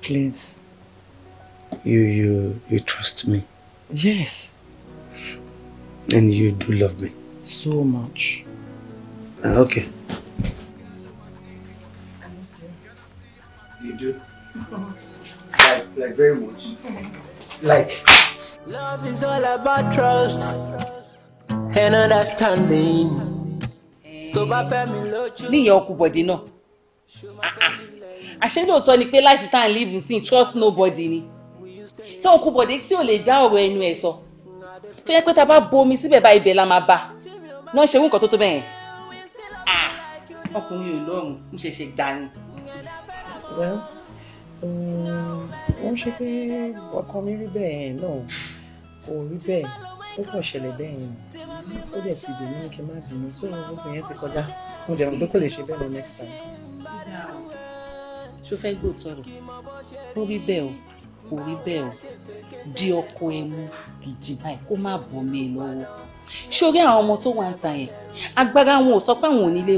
Please. You you you trust me? Yes. And you do love me? So much. Ah, okay. You. do? like, like very much. Like. Love is all about trust and understanding. Tó bá fẹ́ mi lójú. Níyàn àṣé lóòótọ́ ni pé láìsí tá à ń líbù sin. trust nobody ni tó o kú bọ̀dé tí ò lè dá ọ̀rọ̀ ẹnu ẹ̀ sọ tó yẹ pé tá a bá bomi síbẹ̀ bá ibẹ̀ la máa bá náà ṣe nǹkan tó tó bẹ́ẹ̀ ah! ọkùnrin ò lọ́rùn mo ṣẹ̀ṣẹ̀ gbà ni. wọ́n um, ṣe pé ọkọ mi rí bẹ́ẹ̀ náà kò rí bẹ́ẹ̀ ó kàn ṣẹlẹ̀ bẹ́ẹ̀ yẹn ó dẹ̀ ti dè mí kí n má bínú sóyún gbogbo yẹn ti kọjá mo dẹ̀ mọ̀ pé kò lè ṣe bẹ́ẹ̀ lọ next time ṣó fẹ́ gbòòtọ́ rẹ̀ ó rí bẹ́ẹ̀ o kò rí bẹ́ẹ̀ o di ọkọ ẹ mú gidi báyìí kó má bọ̀ mí lọ́wọ́ sórí àwọn ọmọ tó wà ń ta yẹn agbára wọn ò sọ pé ni ò ní gbà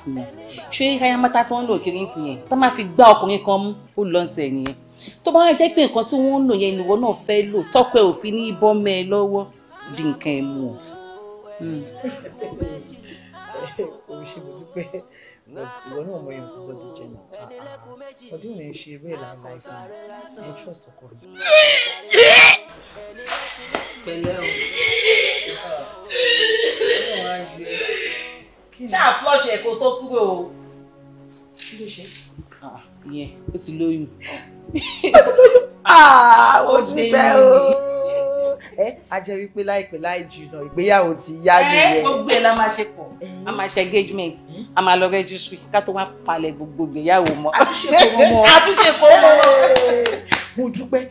fún wọn ṣé ayámátá tí wọn kiri ń sìn yẹn tá má fi gbá ọkùnrin kan mú ó lọ ń tẹ̀ nìyẹn tó bá wá jẹ́ pé nǹkan tí wọ́n ń lò yẹn ni ìwọ náà fẹ́ lò o òfin ní ìbọn mẹ́ ẹ lọ́wọ́ di nǹkan ẹ̀ mú o. Hmm. oríṣi dúpẹ́ ìwọ náà mọ ẹni tí gbọ́dọ̀ jẹ náà ah, ah. ọdún yìí ṣe bẹ́ẹ̀ là ń la trust ọkọ mi. o ṣáà flush ẹ̀ tó kúrò o. kí ló ṣe. Ah, ìyẹn ó ti lóyún. ó ti lóyún. ó dúpẹ́ o ẹ á jẹ́ wípé láìpẹ́ láì jìnnà ìgbéyàwó ti yá nìyẹn. ẹ gbogbo ẹ la máa ṣe pọ̀ a máa ṣe engagement a máa lọ registry ká tó wá palẹ̀ gbogbo ìgbéyàwó mọ́. àtúnṣe kò mọ àtúnṣe kò mọ. mo dúpẹ́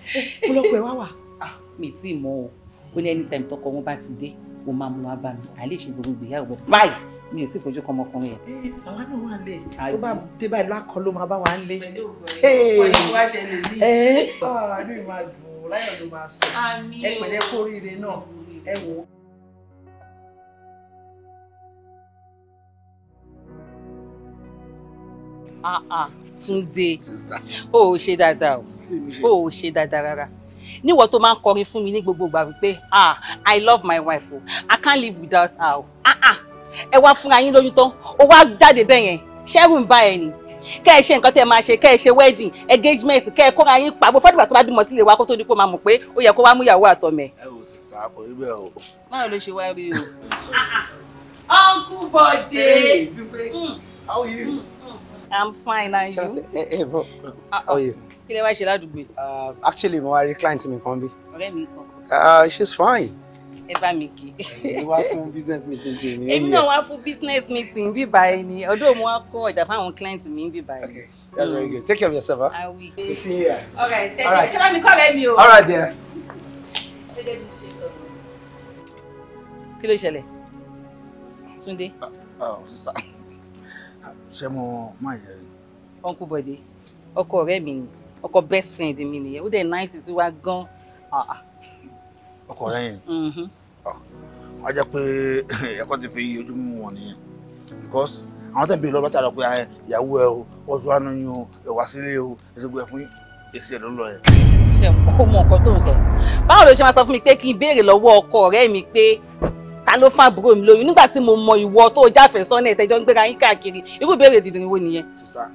ọlọ́pẹ́ wá wà. Ah, mi tí ì mọ o ó ní anytime tọkọ wọn bá ti dé o máa mú wa bá mi à lè ṣe gbogbo ìgbéyàwó báyìí mi ò sì fojú kan ọmọkùnrin yẹn. àwa náà wà lè tó bá dé báyìí lákọ ló máa bá wa lé. pẹ̀lú ògbọ́n ẹ̀ wọ́n ṣẹlẹ̀ yìí wò láyọ̀ ló máa sọ ẹ pẹ̀lẹ́ kóríire náà ẹ wò ó. Túndé o ò ṣe dáadáa o ò ṣe dáadáa rárá níwọ tó máa ń kọrin fún mi ní gbogbo ìgbà wípé ah I love my wife o I can't live without her o ẹ wá fúnra yín lóyún tán ó wá jáde bẹ́ẹ̀ yẹn ṣẹ́rù ń bá ẹ nìyí kẹ́ ẹ ṣe nǹkan tẹ́ ẹ máa ṣe kẹ́ ẹ ṣe wedding engagement kẹ́ ẹ kóra yín pa gbogbo fọ́dùbà tó bá bímọ sílé wa kó tó di pé máa mọ̀ pé ó yẹ kó wá mú àtọ̀mẹ́. ẹ ò sista kò rí bẹ́ẹ̀ o. báwo ló ṣe wá rí o. uncle bode. Mm, mm, how are you. Mm. i'm fine and you. ẹ ẹ bọ how are you. kí lè wá ṣe ládùúgbò. Uh, actually mo wá rí client mi kan bí. ọ̀rẹ́ mi kan. Uh, she's fine ẹ bá mi kí. èmi wá fún business meeting ti mi. èmi náà wá fún business meeting bí báyìí ni ọdún mo wá kó ọjà fáwọn client mi bí Okay, That's very good. Take care of yourself, huh? I will. We'll see you here. All right. All right. Tell me, call me. All right, dear. Kí ló ṣẹlẹ̀? Túndé. Ah, oh, sister. Ṣé mo máa yẹ rí? Uncle Bọ̀dé, ọkọ ọ̀rẹ́ mi ni, ọkọ best friend mi nìyẹn, ó dẹ̀ nice sí wa gan-an. Ah, ah ọkọ rẹ yìí ọ mm-hmm. ah, jẹ pé ẹkọ ti fi ojú mú wọn nìyẹn because àwọn tẹ̀ ń bí lọ́wọ́ látara pé ah, ìyàwó ẹ o wọ́n tún wá nu yín o ẹ sílé o ètò ìgbẹ́ fún èsì ẹ̀ ló lọ yẹn. ṣe kó mọ nǹkan tó ń sọ báwo ló ṣe máa sọ fún mi pé kí n béèrè lọ́wọ́ ọkọ ọ̀rẹ́ mi pé ta ló fà búrò mi lóyún nígbà tí mo mọ ìwọ tó jáfẹ́ sọ́nà ìtẹ́jọ́ ń gbéra yín káàkiri irú béèrè dídùn ni wo nìyẹn. sísá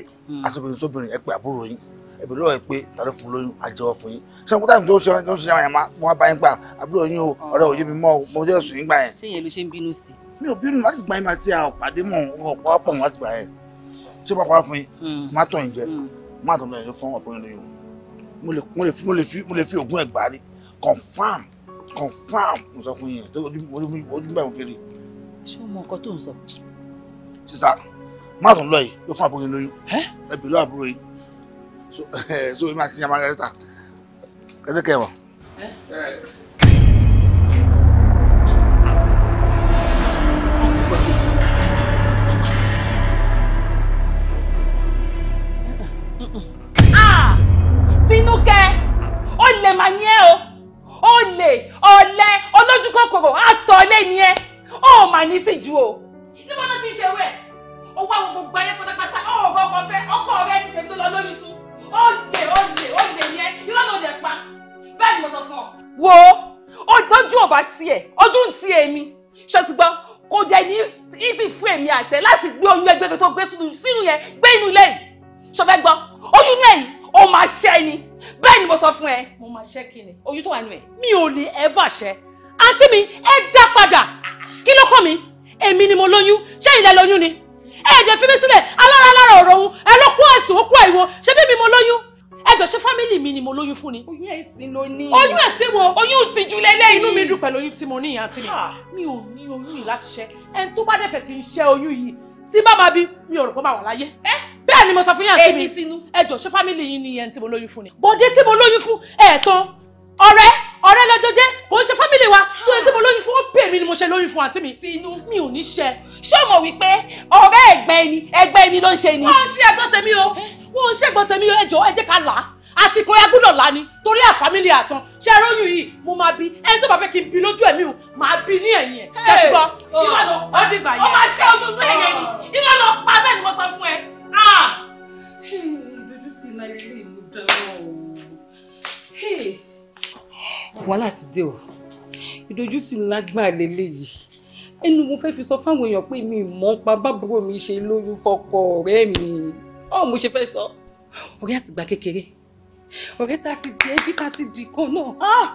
ẹ. Mm. asobìnrin sóbìnrin ẹ pé àbúrò yín ẹbí lọ́wọ́ ẹ pé ta ló fún lóyún àjẹwọ́ fún yín ṣé wọn táwọn tó ṣe tó ṣe àwọn yàrá wọn bá yín gbà àbúrò yín o ọ̀rẹ́ òye mi mọ́ o mo jẹ́ sùn yín gbà yẹn. ṣé yẹn ló ṣe ń bínú sí. mi ò bínú láti gbà yín máa ti àpàdé mọ̀ ọ̀pọ̀ ọ̀pọ̀ láti gbà yẹn ṣé bàbá fún yín mm. má tọ̀ yín jẹ mm. má tọ̀ yín fún ọ̀pọ̀ yín lóyún mo lè fi ògùn ẹ̀gbá rí confam confam mo sọ fún yín ojú bẹ́ẹ̀ mo fi rí. ṣé o mọ nǹkan tó ń sọ. sísá má tún lọ yìí ló fún àbúrò yìí lóyún ẹ bèèrè àbúrò yìí so èmi àti yàrá rẹ ta kẹtẹkẹ wọn. tinúkẹ́ ó lè máa ní ẹ o ó lè ọ̀lẹ olójúkòkòrò àtọ̀lé ni ẹ ó mà ní síjú o. níbo ló ti ṣe wẹ̀ ó wá àwọn gbogbo ayé pátápátá ó ọkọ ọkọ fẹ́ ọkọ rẹ ti tẹ̀mí tó lọ lórí sùn ó lè ó lè ó lè yẹn irọ́ ló dẹ̀ pa bẹ́ẹ̀ ni mo sọ fún ọ. wo ọjọ́jú ọba tiẹ̀ ọdún tiẹ̀ mi ṣọ́sùgbọ́n kò dẹ̀ ní ìfì fún èmi àtẹ láti gbé oyún ẹgbẹ́ tó gbé sínú yẹn gbé inú ilé yìí ṣọfẹ́ gbọ́ oyún náà yìí ó máa ṣẹ́ ni bẹ́ẹ̀ ni mo sọ fún ẹ. mo máa ṣẹ́ kí ni oyún tó wà nù ẹ. mi ò lè ever ṣẹ́ àǹtí mi ẹ dá padà kí ló kọ́ mi èmi ni mo lóyún ṣé ilẹ̀ lóyún ni ẹ̀ẹ́dẹ̀ fi mí sílẹ̀ alára alára ọ̀rọ̀ òun ẹ ló kó ẹ̀sùn ó kó ẹ̀wọ̀ ṣé bí mi mo lóyún ẹjọ ṣe fámìlì mi ni mo lóyún fún ni. oyún ẹ̀sìn ló ní. oyún ẹ̀sìn wo oyún ti ju lélẹ̀ inú mi dùn pẹ̀lú oyún tí mo ní ìyá tí mi ò ní oyún yìí láti ṣẹ́ ẹni tó bá dẹ̀ fẹ́ kí n ṣẹ́ oyún yìí tí bá máa bí mi ò rò pé máa wà láyé. bẹ́ẹ̀ ni mo sọ fún yín àti mi ẹjọ ṣe fámìlì yìí ni ẹni tí mo lóyún fún ni. bọ́dé tí mo lóyún fún ẹ̀ẹ̀tàn ọ̀rẹ́ ọ̀rẹ́ lọ́jọ́ jẹ́ kò ń ṣe fámìlì wa tó ah. ẹni tí mo lóyún fún ó pè mí ni mo ṣe lóyún fún àǹtí mi. tinú mi ò ní ṣe. ṣé o mọ̀ wípé ọ̀rẹ́ ẹ̀gbẹ́ ẹni ẹ̀gbẹ́ ẹni ló ń ṣe ni. wọ́n ń ṣe ẹ̀gbọ́n tèmi o eh, wọ́n ń ṣe ẹ̀gbọ́n tèmi o ẹ jọ̀ọ́ ẹ jẹ́ ká là á àsìkò ya gbúdọ̀ là ni torí àfámìlì àtàn ṣe róyún yìí mo máa bí ẹni tó bá fẹ́ kí n bí lójú ẹ̀mí o máa bí ní ẹ̀yìn ẹ̀ ṣe ti gbọ́. Oh. ìwọ ló pa ó máa ṣe olúmọ ẹ̀yẹ ni oh. ìwọ ló pa bẹ́ẹ̀ ni mo sọ fún ẹ. ìdójútì ah. hmm, ìlànà ilé ìlú dáná o wàhálà ti dé o ìdójútì lágbà lélẹ́yìí ẹnu mo fẹ́ fi sọ fáwọn èèyàn pé mi mọ̀ pa bábúrò mi ṣe lóyún fọkọ ọ̀rẹ́ mi ọ̀ mo ṣe fẹ́ sọ ọ̀rẹ́ àtìgbà kékeré ọ̀rẹ́ tá a ti di ẹbí tá a ti di kan náà ah!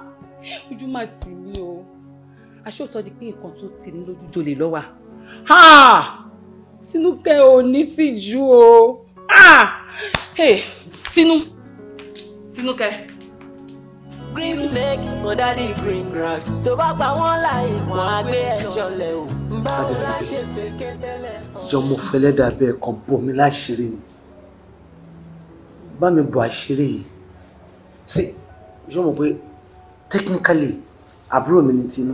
ojú máa tì mí o aṣọ́tọ̀ ni pé nǹkan tó tì mí lójú jolè lọ́wà ah! tinúkẹ́ ò ní tìjú o ah! tinú tinúkẹ́ green snake under the green grass tó bá pa wọ́n láàyè wọ́n á gbé ẹ̀ṣọ́ lẹ̀ o báwo la ṣe fèké tẹ́lẹ̀. jọmọ fẹlẹ dàbẹ ẹkọ bomi láṣìírí ni bá mi bò àṣírí yìí sí ṣé mo pé technically àbúrò mi ni tinú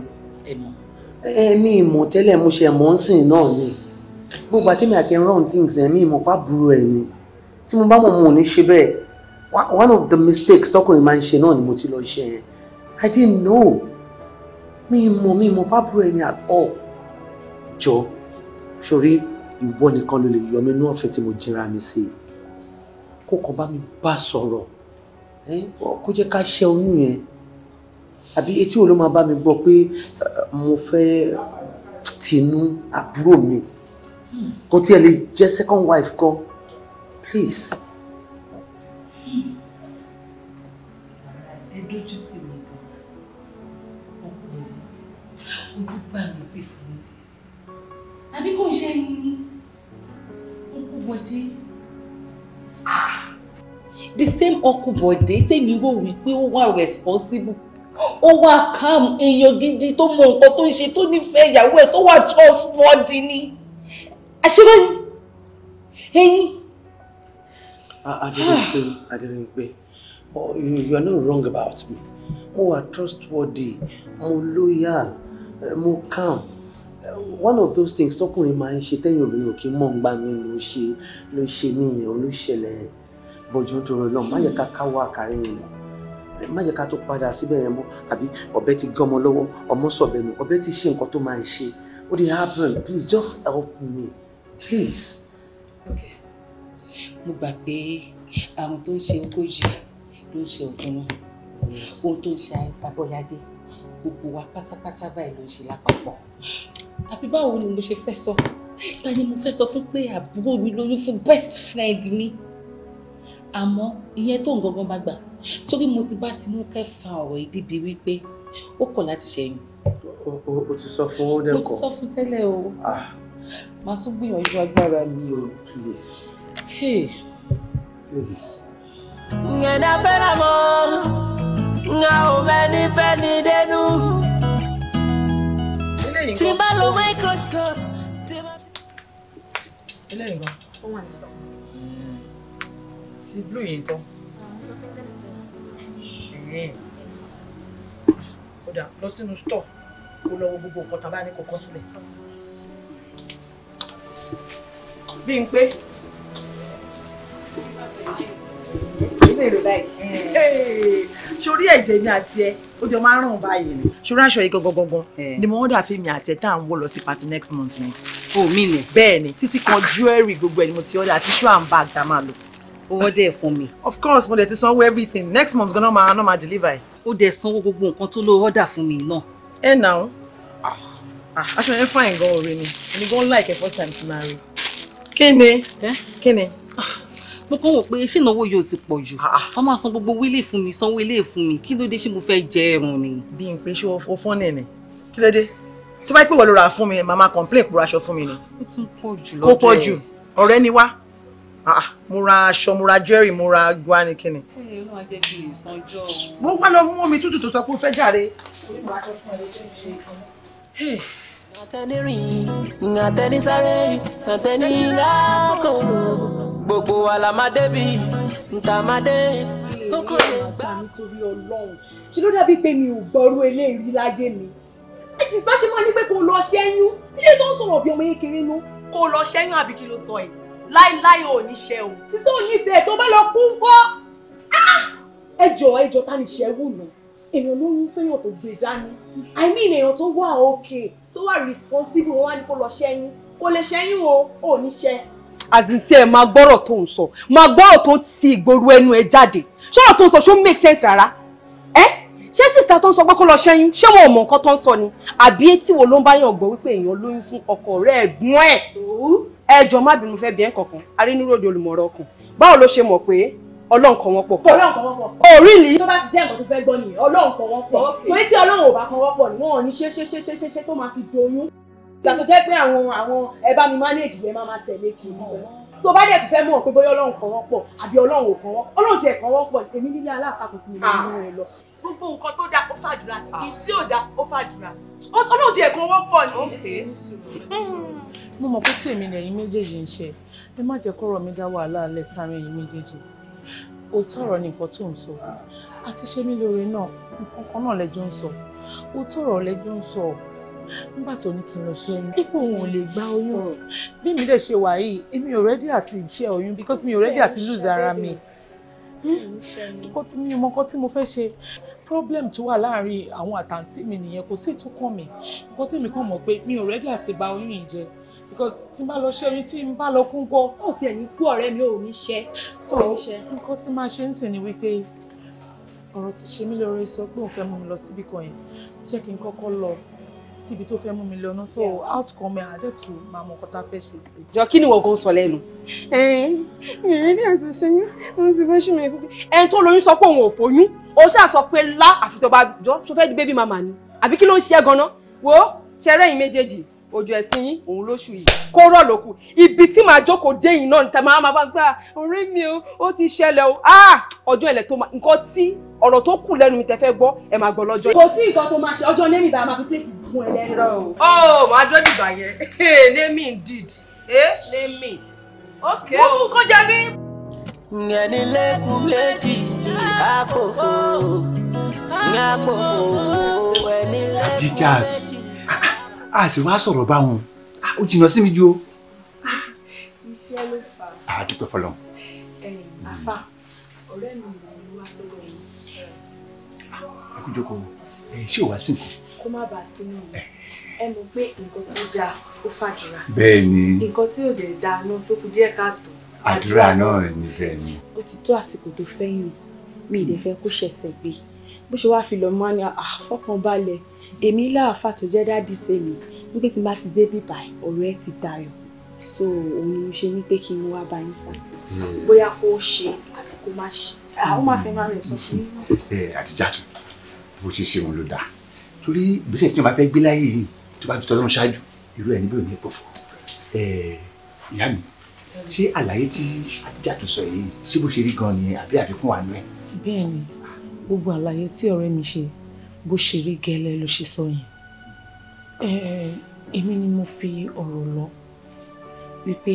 ẹ̀mí ìmọ̀ tẹ́lẹ̀ mo ṣe mọ̀ ń sìn náà ni gbogbo àtẹ́mi àti wrong things ẹ̀mí ìmọ̀ pàbúrò ẹ̀ ni tí mo bá mọ̀ mo ò ní ṣe bẹ́ẹ̀ one of the mistakes tọkùnrin máa ń ṣe náà ni mo ti lọ ṣe yẹn i didn't know mi mọ mi mọ bábúrò ẹni at all jọ sórí ìwọ nìkan ló lè yọ mí inú ọ̀fẹ́ tí mo jìnra mi sí kó kàn bá mi bá sọ̀rọ̀ kó jẹ́ ká ṣe oyún yẹn àbí etí wo ló máa bá mi gbọ́ pé mo fẹ́ tinú àbúrò mi kò tiẹ̀ lè jẹ́ second wife kan please. àbí kò ń ṣe ẹyin ni ọkọ bọ̀dé. Ah! the same ọkọ bọ̀dé tèmi rò wípé ó wà responsible ó wà calm èèyàn gidi tó mọ nǹkan tó ń ṣe tó nífẹ̀ẹ́ ìyàwó ẹ̀ tó wà trustworthy ni àṣírí ẹyin. Adéwìnpé ah, Adéwìnpé oh, you are not wrong about me mo wà trustworthy mo loyal eh, mo calm one of those things tọkùnrin máa ń ṣe tẹ́yìn obìnrin ò kí mọ̀ ń gbà mí ló ṣe ló ṣe nìyẹn ló ṣẹlẹ̀ bọ́jú tó rọ náà má yẹ ká káwọ́ àkàrẹ́ yẹn mọ́ má yẹ ká tó padà síbẹ̀ yẹn mọ́ àbí ọ̀bẹ ti gé ọmọ lọ́wọ́ ọmọ sọ̀bẹ̀ nù ọ̀bẹ ti ṣe nǹkan tó máa ń ṣe ó dey happen please just help me please. Okay. mo gbà pé àrùn tó ń ṣe ogójì ló ń ṣe ọ̀dún wọn ohun tó ń ṣe àìpàbọ̀yádé gbogbo wa pátápátá báyìí ló ń ṣe lápapọ̀ àbí báwo ni mo ṣe fẹ́ sọ ta ni mo fẹ́ sọ fún pé àbúrò mi lóyún fún best friend mi àmọ́ ìyẹn tó ń gangan bá gbà torí mo ti bá Tinúkẹ́ fa ọ̀rọ̀ yìí débi wípé ó kọ̀ láti ṣẹ̀yìn. o ti sọ fún ó dẹ̀ kọ́. mo ti sọ fún tẹ́lẹ̀ o ah. màá tún gbìyànjú agbára mi o. please. Hey. please. fẹ́ràn mọ́ ǹyẹn ò fẹ́ ní fẹ́ ní dénú eléyìí nǹkan. lo microscope tí n bá. eléyìí nǹkan. ó wà ní sọ. ti blue yìí nǹkan. kódà lọ sínú store kó lọ wo gbogbo nǹkan tá a bá ní kó kọ sílẹ̀. bí n pé. ilé ẹ̀jẹ̀ mi àti ẹ ó jọ máa ń ràn báyìí ni. ṣùgbọ́n aṣọ yìí gangan gangan ni mo wọ́n dà fí mi àtẹ tá à ń wọ̀ lọ sí party next month ni. o mi nì. bẹ́ẹ̀ ni títí kan jewelry gbogbo ẹ̀ ni mo ti order àti shoe and bag tá a máa lò. owó dẹ̀ fún mi. of course mo dẹ̀ ti sanwó everything next month gan-an máa náà máa deliver ẹ̀. ó dẹ̀ sanwó gbogbo nǹkan tó lọ order fún mi náà. ẹ nà ó ah, aṣọ yẹn fine gan-an ọ̀rẹ́ ni èmi gan-an like ẹ̀ first time to marry. rí. kí ni kí ni. Ah mo kàn wò pé ṣé ìnáwó yóò ti pọ̀ jù ah, ah. wọ́n máa san gbogbo owó ilé fún mi sanwó ilé fún mi kí ló dé ṣé mo fẹ́ jẹ ẹ̀rùn ni. bí n pe ṣé o fọ́n náà ni kí ló dé tó bá pè wọ́n ló ra fún mi màmá complain kó ra aṣọ fún mi ni. ó ti ń pọ̀ jù lọ́jọ́ ẹ̀ kó pọ̀ jù ọ̀rẹ́ ni wá ah, mo ra aṣọ mo ra jewelry mo ra guani kini. mo wá lọ mú omi tútù tó sọ pé ó fẹ́ jàre àtẹnirìn àtẹnisáré àtẹnirákò gbogbo wa la máa débi ntà máa dé kókó lè gbà. nítorí ọlọ́run ṣe ló dàbí pé mi ò gbọ́rú eléyìí láyé mi ẹ ti sá ṣe máa ní pé kó lọ ṣẹ́yún kí lè tó ń sọ̀rọ̀ bí ọmọ kékeré nú. kó lọ ṣẹ́yún àbí kí ló sọ yìí láíláí ò ní ṣe o. sísọ yìí bẹ́ẹ̀ tó bá lọ kú ń kọ́. Ah! ẹ jọ ẹ jọ ta ni ṣẹ́wù náà èèyàn ló ń fẹ́yàn tó gbé dání i mean èèyàn tó wà okay tó wà responsible wọn wá ní kó lọ ṣẹ́yìn kó lè ṣẹ́yìn o ò ní ṣe. àzìn tí ẹ máa gbọ́rọ̀ tó ń sọ máa gbọ́rọ̀ tó ń ti ìgboro ẹnu ẹ jáde ṣọ́rọ̀ tó ń sọ ṣó make sense rárá ẹ ṣé sísá tó ń sọ pé kó lọ ṣẹ́yìn ṣé wọn ò mọ nǹkan tó ń sọ ni àbí etí wo ló ń bá yàn gbọ́ wípé èèyàn lóyún fún ọkọ rẹ̀ ẹ̀gbọ́n ẹ̀ ẹjọ́ má bínú fẹ́ bí ẹ̀ kankan arínúròdì olùmọ̀rọ̀ ọkàn báwo ló ṣe mọ̀ pé ọlọ́run kọ wọ́n pọ̀. ọlọ́run kọ wọ́n pọ̀. o rí ni. tó bá ti jẹ́ nǹkan tó fẹ́ gbọ́ nìyẹn ọlọ́run kọ wọ́n pọ̀. torí tí ọlọ́run ò bá kọ wọ́n ni wọ́n ò ní ṣe ṣe ṣe ṣe ṣe ṣe tó máa fi doyún. ìgbà tó jẹ́ pé àwọn àwọn ẹ bá mi manage yẹn máa máa tẹ̀lé kiri tó bá dẹ̀ tún fẹ́ mọ̀ pé bóyá ọlọ́run kàn wọ́n pọ̀ àbí ọlọ́run ò kàn wọ́n ọlọ́run tiẹ̀ kàn wọ́n pọ̀ èmi nílé aláàfáàkùn tí mo máa mú rẹ lọ. gbogbo nǹkan tó dáa ó fàdúrà ah. èyí tí ò dáa ó fàdúrà ọlọ́run tiẹ̀ kàn wọ́n pọ̀ ni. Hmm. mo mọ̀ pé tí èmi lẹ́yìn méjèèjì ń ṣe ẹ má jẹ́ kọ́rọ̀ mi dá wàhálà alẹ́ sáré yìí méjèèjì òótọ́ ọ̀rọ̀ ni nǹkan tó ń sọ àti ṣe mí lóore náà nǹkan kan náà lẹ́jọ́ ń sọ òótọ́ ọ̀rọ̀ lẹ́jọ́ ń sọ nígbà tó ní kí n lọ ṣe ẹni dípò òun ò lè gba oyún bí mi dẹ̀ ṣe wà yìí èmi ò rẹ́dí àti ìṣe oyún because mi ò rẹ́dí àti lose ara mi nǹkan mi ò mọ nǹkan mo fẹ́ ṣe problem tó wà láàárín àwọn àtàntí mi nìyẹn kò sí ìtúkàn mi nǹkan tí mi kàn mọ̀ pé mi ò rẹ́dí àti bà oyún yìí jẹ́ because tí n bá lọ ṣẹ́yún tí n bá lọ kún kọ́. ó tiẹ̀ ní mi ò ní ṣe. so nǹkan tí máa ṣe ń sìn ni wípé ọ̀rọ̀ ti ṣe mí lóore sọ pé òun fẹ́ mú mi lọ síbi kan yẹn jẹ́ kí n kọ́kọ́ lọ síbi tó fẹ́ mú mi lọ́nà so outcome ẹ̀ àdẹ́tù máa mọ nǹkan tá a fẹ́ ṣe sí. jọ kí ni wọ́n gan sọ lẹ́nu. ìrírí àti ṣẹ́yún mo ti bọ́ ṣe mi ìfúkẹ́. ẹni tó lóyún sọ pé òun ò fóyún ó ṣáà sọ pé lá àfi to bá Jo. ṣó fẹ́ di bébí màmá ni àbí kí ló ń ṣe é ganan wo ṣẹrẹ́ yìí méjèèjì ojú ẹsìn yín òun lóṣù yìí kó rọ̀ lókù ibi tí màá jókòó dé yìí náà níta máa máa bá gbà ọ̀rẹ́ mi o ó ti ṣẹlẹ̀ o ah! ọjọ́ ilẹ̀ tó máa nǹkan tí ọ̀rọ̀ tó kù lẹ́nu mi tẹ́ fẹ́ gbọ́ ẹ máa gbọ́ lọ́jọ́. kò sí nǹkan tó máa ṣe ọjọ́ némi bá máa fi pléètì gun ẹ lẹ́rọ o. ó dọ́ dìgbà yẹn némi indeed eh? némi ok. wọ́n mú kọjá rí. ìyẹn ilé lẹ́kùn méjì a sì wá sọ̀rọ̀ bá wọn ó jìnnà sí mi ju o. iṣẹ́ ló fà á. a dúpẹ́ fọlọ́. àfà ọ̀rẹ́ mi ò ní wá sọ́dọ̀ yìí. ẹ kú jókòó ẹ ṣé ò wá sí nǹkan. kó má bàa sínú mi ẹ mọ̀ pé nǹkan tó dáa ó fàdúrà. bẹ́ẹ̀ ni. nǹkan tí ò dẹ̀ dáa náà tó kù díẹ̀ káàtó. àdúrà náà nífẹ̀ẹ́ ni. ó ti tó àsìkò tó fẹ́yìn mi ì dẹ̀ fẹ́ kó ṣẹ̀ṣẹ̀ gbé bó ṣe wáá fi lọ́ọ́ mọ́ ni àfọkànbalẹ̀ èmi láàfà tó jẹ́ dáàdì sẹ́mi wípé tí n bá ti dé bíbà ọ̀rọ̀ ẹ ti dayọ̀ so òun ni mo ṣe ní pé kí n wá bá yín sá hmm. bóyá kó o ṣe àbí kó má ṣe àwọn máa fẹ́ máa rẹ̀ sọ fún yín náà. ẹ àtijọ́ bó ṣe ṣe wọn ló dáa torí ìgbésẹ̀ tí wọn bá fẹ́ gbé láyé yìí tó bá tutọ́ lọ́run ṣáájú irú ẹ̀ níbẹ̀ ò ní pọ̀fọ́ ìyá mi ṣé àlàyé tí àtijọ́ tó sọ yìí ṣé bó ṣe rí gan-an ni àbí àfikún wà nú ẹ̀ bó ṣe rí gẹ́lẹ́ ló ṣe sọ yẹn èmi ni mo fi ọ̀rọ̀ lọ wípé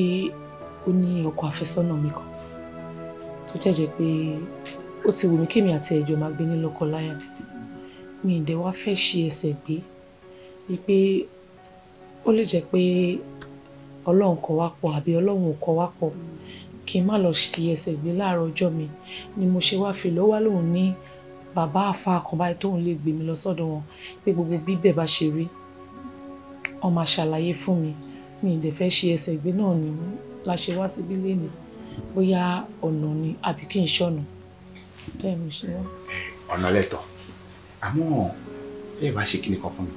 ó ní ọkọ àfẹ́sọ́nà mi kan tó jẹ́jẹ́ pé ó ti wù mí kémi àti ẹ̀jọ́ máa gbé ní lọ́kọláya mi ì dẹ̀ wá fẹ́ ṣe ẹsẹ̀ gbé wípé ó lè jẹ́ pé ọlọ́run kọ wá pọ̀ àbí ọlọ́run ò kọ wá pọ̀ kí n má lọ ṣe ẹsẹ̀ gbé láàárọ̀ ọjọ́ mi ni mo ṣe wá fi lọ́wọ́ lòun ní bàbá àfa àkànbáyé tóun lè gbé mi lọ sọ́dọ̀ wọn pé gbogbo bíbẹ̀ bá ṣe rí wọn máa ṣàlàyé fún mi mi ì dẹ̀ fẹ́ ṣe ẹsẹ̀ ìgbé náà ni la ṣe wá síbí lénìí bóyá ọ̀nà ni àbí kí n ṣọ̀nà bẹ́ẹ̀ mi ṣe wá. ọ̀nà lẹ́tọ̀ àmọ́ ẹ wá ṣe kíni kan fún mi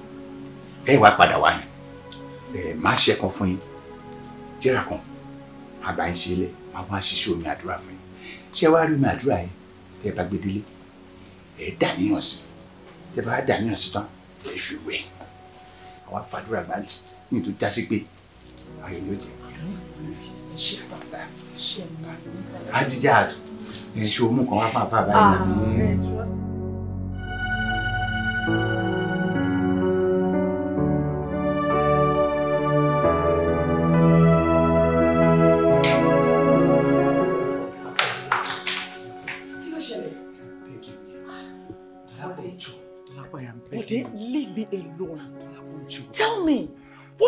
ẹ wá padà wá yẹn ẹ má ṣe kan fún yín jẹ́ra kan àbá ń ṣe lẹ̀ àwọn àṣìṣe omi àdúrà fún yín ṣé wàá rí omi àdúrà yẹn tẹ́ ẹ bá gbé délé ẹ dàníyàn sí ẹ bá dàníyàn sí tán ẹ fi wẹ̀ àwọn àfàdúrà bá ní tó já sí pé ayọ̀ ló jẹ ṣe pàtà ajíjà ẹ ṣe òmù kan wá pàápàá báyìí.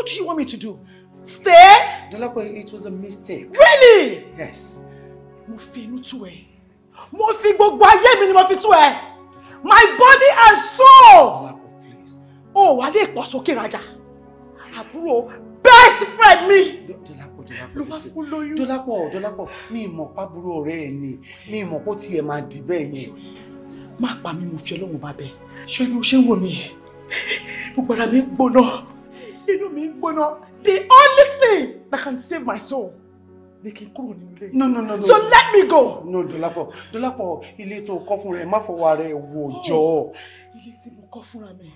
What do you want me to do? Stay? Dolapo, it was a mistake. Really? Yes. Mo fi inú tú ẹ. Mo fi gbogbo ayé mi ni mo fi tú ẹ. My body and soul. Dolapo, please. O wà lè pọ̀ sókè rajà. Àbúrò best friend mi. Dolapo, Dolapo, ló máa fún lóyún. Dolapo, Dolapo, mi mọ̀ pábúrò ọ̀rẹ́ ẹ ni. Mi mọ̀ kó tiẹ̀ máa dì bẹ́ẹ̀ yẹn. Má pa mi, mo fi Ọlọ́run bá bẹ̀. Ṣé ló ṣe ń wò mí? Gbogbo ara mi ń gbóná inú mi ń gbóná the only thing that can save my soul ni kí kúrò nínú no no no no so let me go. no dolapo dolapo ilé tó kọ́ fúnra ẹ má fọwọ́ ara ẹ wò jọ. Oh, ilé tí mo kọ́ fúnra mi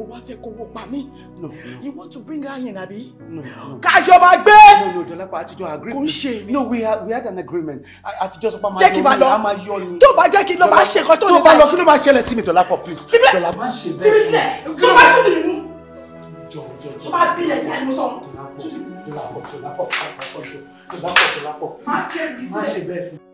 o wá fẹ́ kó wó pa mí. no no you want to bring her in àbí. no no kájọba gbé. no no dolapo àtijọ́ agree. kò ń ṣe mi. no we had we had an agreement àtijọ́ sọ pé a máa yọ ni a máa yọ ni. tó bá jẹ́ kí ló bá ṣe kan tó ní báyìí. tó bá lọ kí ló bá ṣẹlẹ̀ sí mi dolapo please. dolapo má ṣe bẹ́ẹ̀ fún mi. kí ló bá tún ti mú tó bá bí ẹ̀jẹ̀ ló sọ. Dọ̀lápọ̀ Dọ̀lápọ̀ Dọ̀lápọ̀ Dọ̀lápọ̀ Dọ̀lápọ̀ má ṣe bẹ́ẹ̀ fún mi.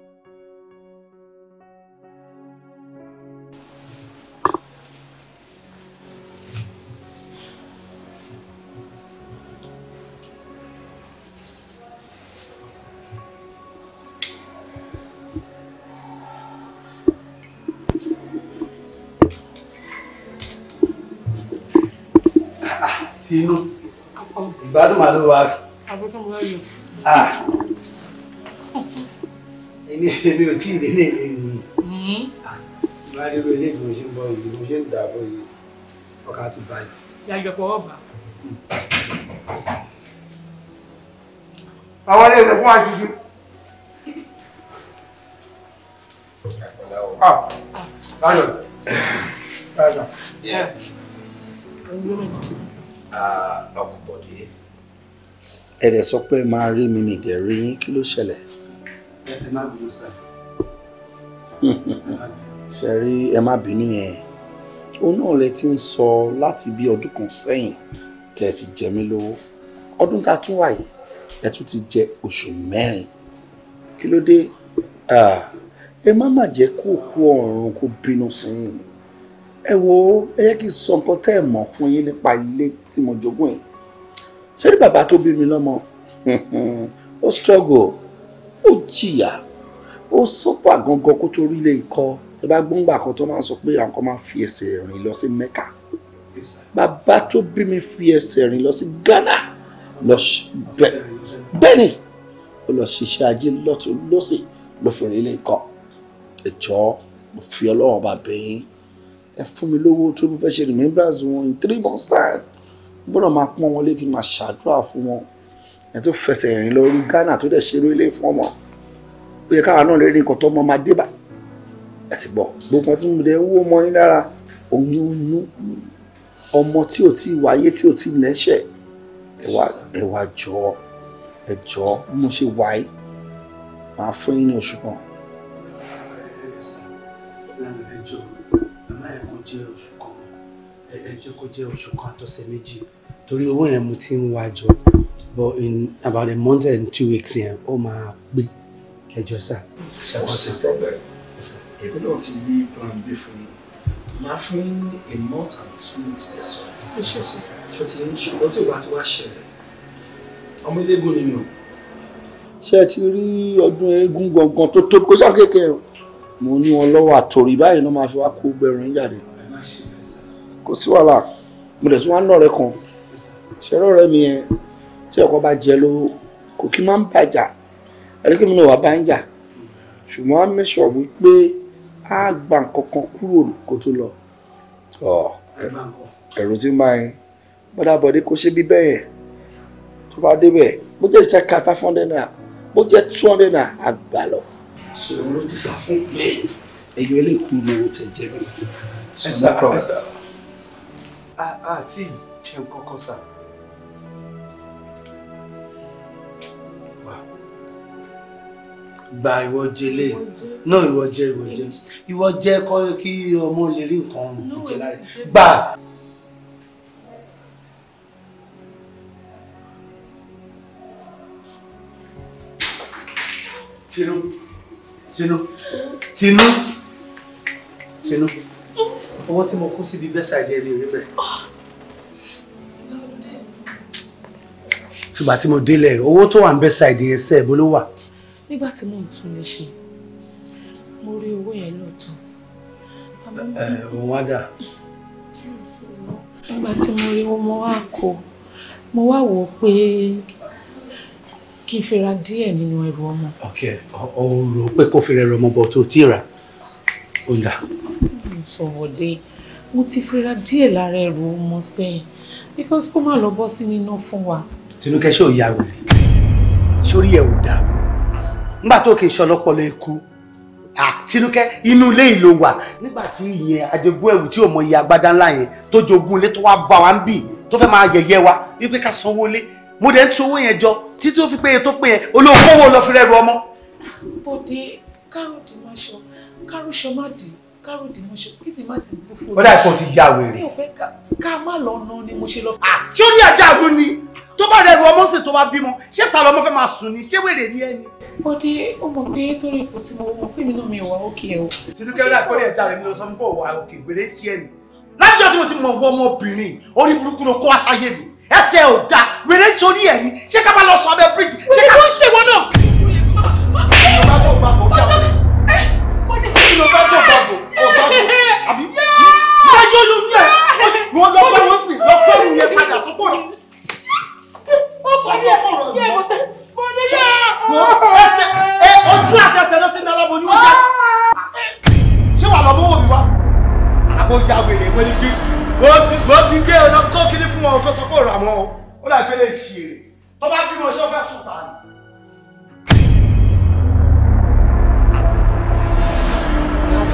tinú ìgbádùn màá ló wá. àbúkọ́ mi ah. láyò. èmi èmi ò tí ì délé èmi yìí. máa rí irú ilé ìgbìmọ̀ hmm? ah. ṣe ń bọ yìí mo ṣe ń dààbò yìí ọkà ti balẹ̀. yàgbẹ́ fọwọ́ bá. àwọn ilé ìlẹ̀kùn àjùjú. Ah, ah. ẹ dẹ̀ sọ pé máa rí mi nìdẹ̀ rí yín kí ló ṣẹlẹ̀. ẹ má bínú sá. ṣe rí ẹ má bínú yẹn ó náà lẹ ti ń sọ láti bí ọdún kan sẹ́yìn tẹ̀ ti jẹ mí lówó ọdún tá a tún wà yìí ẹ tún ti jẹ oṣù mẹ́rin kí ló dé ẹ má má jẹ́ kó kú ọ̀run kó bínú sẹ́yìn ẹ wo ẹ yẹ kí n sọ nǹkan tẹ́ ẹ mọ̀ fún yín nípa ilé tí mo jogún yìí sẹ́rí bàbá tó bí mi lọ́mọ ó struggle ó jìyà ó sọ́fà gangan kó tó rí lè kọ́ tó bá gbóngbà kan tó máa sọ pé àwọn kan máa fi ẹsẹ̀ rìn lọ sí Mẹ́kà bàbá tó bí mi fi ẹsẹ̀ rìn lọ sí Ghana lọ bẹ́ẹ̀ ni ó lọ ṣiṣẹ́ ajé lọ́tún lọ́sẹ̀ ló fi rìn lè kọ́ ẹ̀jọ́ mo fi ọlọ́run bàbá yín ẹ fún mi lówó tó fẹ́ ṣe rìn mí Brazil in three months time gbọ́dọ̀ máa pọ́n wọn lé kí n máa ṣàdúrà fún wọn ẹ̀ tó fẹsẹ̀ rìn lọ rí Ghana tó dẹ̀ ṣeré ilé fún ọmọ ó yẹ káwa náà lè rí nǹkan tó ọmọ máa dé bá ẹ ti gbọ́ gbogbo tí mo dẹ̀ ń wó ọmọ yín lára òun nú ọmọ tí ò tí wáyé tí ò tí lẹ́ṣẹ̀ ẹ wá jọ ẹ jọ mo ṣe wáyé máa fún yín ní oṣù kan. ẹ jẹ́ kó jẹ́ oṣù kan ẹ méjì torí owó yẹn mo ti ń wá jọ but in about a month and two weeks yẹn ó máa pé ẹjọ sá. ó sì problem èmi náà ti ní plan b fún mi máa fún a month and two weeks tẹ̀sán ó ṣe sí ṣe ti ń ṣùgbọ́n tí ò bá ti wá ṣẹlẹ̀ ọmọ eléégún ni mi ò. ṣé ẹ ti rí ọdún eégún gangan tó tóbi kó sáà o mo ní wọn lọ́wọ́ àtòrí báyìí ló máa fi wá kó gbẹrun jáde kò sí wàhálà mo dẹ̀ tún wá ń nọ̀rẹ́ kan ṣẹ́rọ̀ rẹ̀ mi yẹn tí ọkọ bá jẹ lówó kò kí máa ń bàjá ẹlẹ́kìnmí náà wà bá ń jà ṣùgbọ́n á mẹ́sọ̀ wípé á gba nǹkan kan kúrò kó tó lọ. ẹ̀rù ti máa ń bọ́dábọ́dé kó ṣe bí bẹ́ẹ̀ tó bá débẹ̀ bó jẹ́ ìṣẹ́ka five hundred naira bó jẹ́ two hundred naira àgbà lọ. sọ̀rọ̀ ló ti fà fún pé ẹ̀yọ́ ẹlẹ́kùn ni o tẹ̀ jẹ́ mi. ẹ sà ẹ sà àti ìjẹun kankan sà. gba ìwọ jẹ lé náà ìwọ jẹ ìwọ jẹ ìwọ jẹ kọ kí ọmọ lè rí nǹkan ìjẹ láì gbà. Tinu Tinu Tinu Tinu owó tí mo kó síbi bẹ́sà jẹ́ mi ò rí bẹ́ẹ̀. ṣùgbọ́n tí mo délẹ̀ owó tó wà ń bẹ́sà ìdíyẹsẹ̀ bó ló wà nígbà tí mò ń tún lè ṣe mo rí owó yẹn lóòótọ́. òun wá dà. nígbà tí mo rí owó mo wá kó mo wá wò ó pé kí n fi díẹ̀ nínú ẹrù ọmọ. ok o rò pé kó fi rẹrù ọmọ bọ tó tí ra ó ń dà. sọ̀wọ́dé mo ti fi ra díẹ̀ lára ẹrù ọmọ sẹ́yìn because kó má lọ bọ́ sí nínú fún wa. tinúkẹ́ ṣé ò yá wèrè sórí ẹ̀ ò dàrú nígbà tó kì í ṣọlọpọlọ eku àtinúkẹ́ inú ilé ìlò wà nígbà tí ìyẹn àjẹgún ẹ̀wù tí ò mọ iye agbádá ńlá yẹn tó jogún ilé tó wá bá wa ń bì tó fẹ́ máa yẹ̀yẹ́ wa wípé ká sanwó lé mo dẹ̀ ń tu owó yẹn jọ títí ó fi péye tó péye olóòkówó lọ fi rẹ́rù ọmọ. bòde kárùndínláṣọ kárùnṣọ má dì káròdì mo ṣe kí ti má ti bú fún mi. ó dà kó ti ya wèrè. mi ò fẹ́ ká má lọ nà ni mo ṣe lọ. àṣọrí àdàrú ni tó bá rẹrù ọmọ sì tó bá bímọ ṣé ta lọmọ fẹ́ máa sùn ni ṣé wèrè ni ẹni. bọ́dé ó mọ̀ pé torí ipò tí mo mọ̀ pé mi náà mi wà òkè o. tinúkẹ́ rẹ̀ àkọ́rẹ́ ẹ̀dá rẹ̀ mi lọ sọ pé òwà òkè gbèrè ṣí ẹni. lájọ́ tí mo ti mọ̀ wọ ọmọbìnrin orí burúkú ló kó aṣáyé mi ẹsẹ̀ ò da wèrè sórí ẹ̀ ni ṣé ká bá lọ sọ abẹ́ bíríjì. òbí ló ń ṣèwọ náà ló fẹ́ kó gbàgbó mo o ó láì pẹ́ lè ṣe èrè tó bá bímọ ṣé ó fẹ́ sùn tà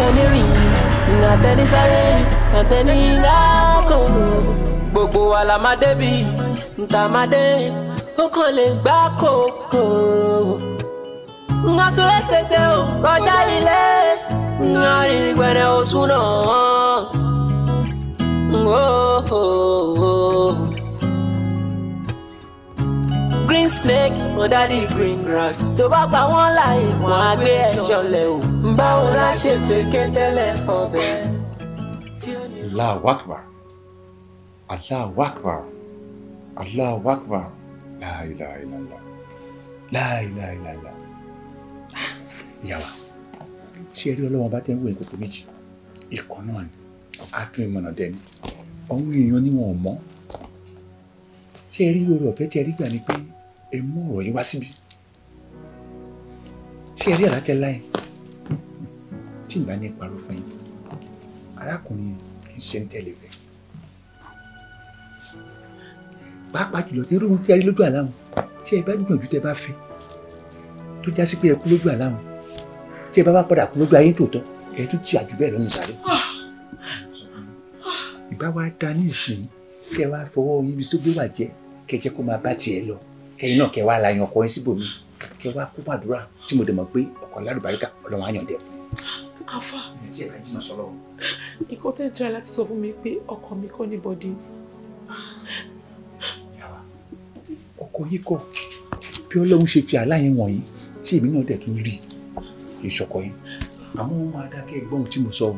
àtẹni rìn àtẹni sáré àtẹni rákò gbogbo wa la máa débi ntà máa dé ó kàn lè gbá kókó. Ngasore tètè o kọjá ilé ngari gbẹrẹ osùn náà green snake under the green grass. tó bá pa wọ́n láàyè wọ́n á gbé ẹ̀ ṣọlẹ̀ o. báwo la ṣe fèké tẹ́lẹ̀ ọbẹ̀. Allahu Akbar Allahu Akbar Allahu Akbar La ilaha illallah La ilaha illallah. ìyàwó ṣé ẹ rí ọlọ́wọ́n bá tẹ́ ń wé ìkòkò méjì ìkọ́ náà ni àfihàn ìmọ̀nà dẹ́ni ọ̀hún èèyàn ni wọn ò mọ́ ṣé ẹ rí yorùbá ọ̀fẹ́ tẹ́ rí gbà ni pé ẹ mú ọ̀rọ̀ yìí wá síbi ṣé ẹ rí àlájẹ láì tí ìgbà ní ìparọ́ fún yín arákùnrin kì í ṣe ń tẹ̀lé fẹ́ pàápàá jùlọ irú ohun tí a rí lójú àláwọn tí ẹ bá gbìyànjú tẹ bá fẹ́ tó já sí pé ẹ kú lójú àláwọn tí ẹ bá bá padà kú lójú ayé tòótọ́ ẹ tún jí àjù bẹ́ẹ̀ lọ́nà ìsàlẹ̀ ìbá wa ìsìn kẹ wá fọwọ́ yín tó gbé wà jẹ kẹjẹ kó máa bá tiẹ̀ lọ kẹyìn náà kẹwàá la yan ọkọ yín síbòmí kẹwàá kó fàdúrà tí mo dẹ̀ mọ̀ pé ọkọ alárùbáríkà ọlọ́run á yàn afa nǹkan tẹ́ ń tọ́ ẹ láti sọ fún mi pé ọkọ mi kọ́ ní bọ́dí. ọkọ yín kọ bí ọlọ́run ṣe fi àlá yẹn wọ̀nyí tí èmi náà dẹ̀ tún rí ìṣọ̀kọ yín àmọ́ wọn máa dákẹ́ gbọ́n tí mo sọ ọ́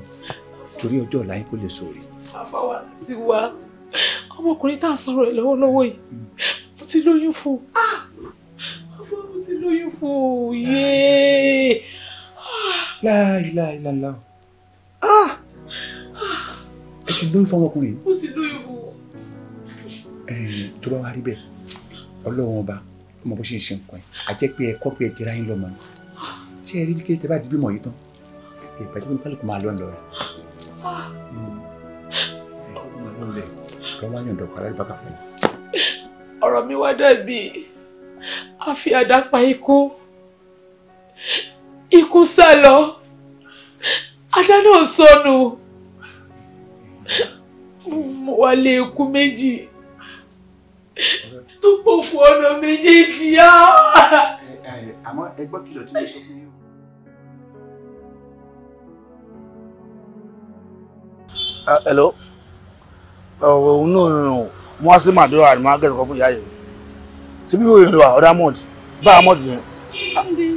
torí ọjọ́ ọ̀la yín kó lè sọ rèé. àfàwà láti wá ọmọkùnrin tá a sọ̀rọ̀ ẹ̀ lọ́wọ́lọ́wọ́ yìí mm ti lóyún fún ah! ọmọ mo ti lóyún fún yéé láìláìláìlá ah! ẹ ti lóyún fún ọmọkùnrin. mo ti lóyún fún ọ. tó bá wá rí bẹ́ẹ̀ ọlọ́run ọba ọmọ bó ṣe ń ṣe nǹkan ẹ̀ á jẹ́ pé ẹ kọ́ pé ẹ jẹ́ra yín lọ́mọ ni ṣé ẹ rí kí ẹ bá ti bímọ yìí tán ìbàjẹ́ bí kálukú máa lọ ń lọ rẹ̀ ẹ̀ ah! hmm. ẹ̀ máa lọ ń lẹ̀ kí wọ́n wá yàn dọ̀kọ̀ alábàákà fún yín ọ̀rọ̀ mi wá dàbí àfi àdá pa ikú ikú sá lọ àdá náà sọnù mo wá lé ikú méjì tó pọ̀ fún ọ̀nà méjèèjì á. àmọ́ ẹgbọ́n kìlọ̀ tí mo sọ fún yín. Ah, hello ọ̀rọ̀ òun náà rùn wọ́n sí màdúrà àdìmọ́ akẹ́kọ̀ọ́ kan fún ìyá yìí ṣé bí òyìnbó wa ọ̀dà mọ́ọ̀dì bá a mọ́ọ̀dì yẹn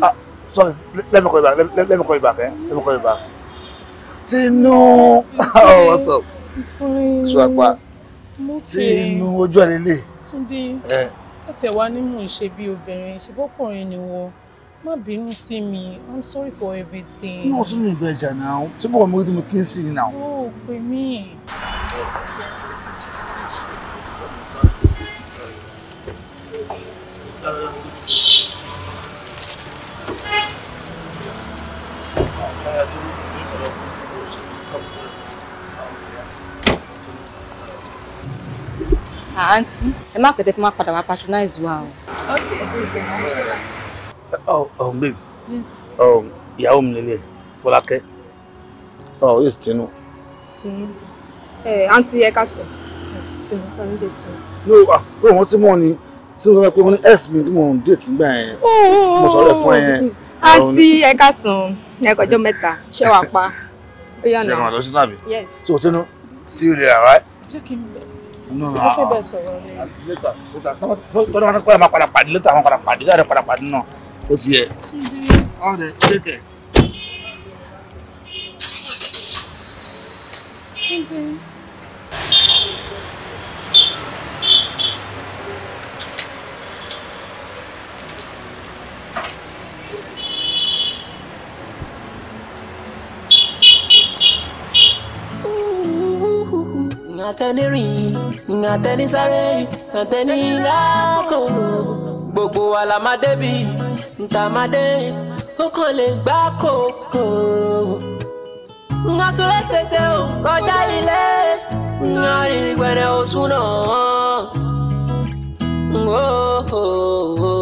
ah, sorry let me call you back let, let, let me call you back eh? let me call you back Tinu oh what's up ṣùgbọ́n Tinu ojú ẹ̀ lélẹ̀. Túndé eh. láti ẹ̀ wá ní mò ń ṣe bí obìnrin ṣùgbọ́kùnrin ni wọ́n má bínú sí mi i'm sorry for everything. inú ọtún ní ìgbẹ́jà náà tí bọ́ọ̀ mi rí mi kí n sì náà. ó pè mí. Eh. àǹtí ẹ má pẹ̀tẹ́ fún wa padà wá patronize wa o. oh um, babe oh, ìyàwó mi lélẹ̀ fọlákẹ́ oh yes tinú. tinú ẹ àǹtí ẹ ká sọ tinú kan níbi tinú. no ah no wọn tí mọ ni tí mo sọ pé mo ní x mi tí mo ń date nígbà yẹn oh. mo sọ rẹ fún ẹ yẹn. àǹtí ẹ ká sùn ní ẹkọjọ mẹ́ta ṣé wàá pa. ṣé wọn lọ sí nàbí. yes. so tinú see you later right. jẹ́ kí n bẹ̀rẹ̀ tọ́lá wọn kọ́ ẹ̀ máa padà pàdé létà àwọn padà pàdé dáadé padà pàdé náà ó ti yẹ. ọ̀rẹ́ ṣéèkẹ̀. Thank you. àtẹnirìn àtẹnisáré àtẹnilákò gbogbo wa la máa débi ntà máa dé ó kàn lè gbá kókó. Nga sure tètè o kọjá ilé, nga ìrìgbẹ̀rẹ̀ oṣù náà. oh.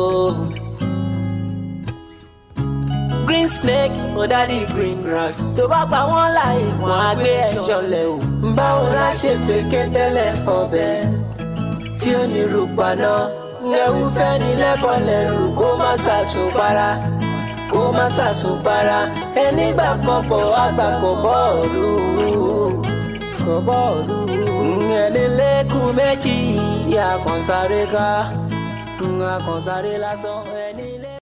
green snake under the green grass. tó bá pa wọ́n láàyè wọ́n á gbé ẹ̀ṣọ́ lẹ̀ o. báwo la ṣe fèké tẹ́lẹ̀ ọbẹ̀ tí ó ní rúpaná. lẹ́wù fẹ́ni lẹ́bọ̀ lẹ́rù kó má ṣàṣùn para kó má ṣàṣùn para. ẹni gbà kan bọ̀ àgbà kò bọ́ọ̀lù kò bọ́ọ̀lù. ẹni lẹ́kùn méjì yìí àkànṣáré ká àkànṣáré lásán ẹni lẹ́kùn.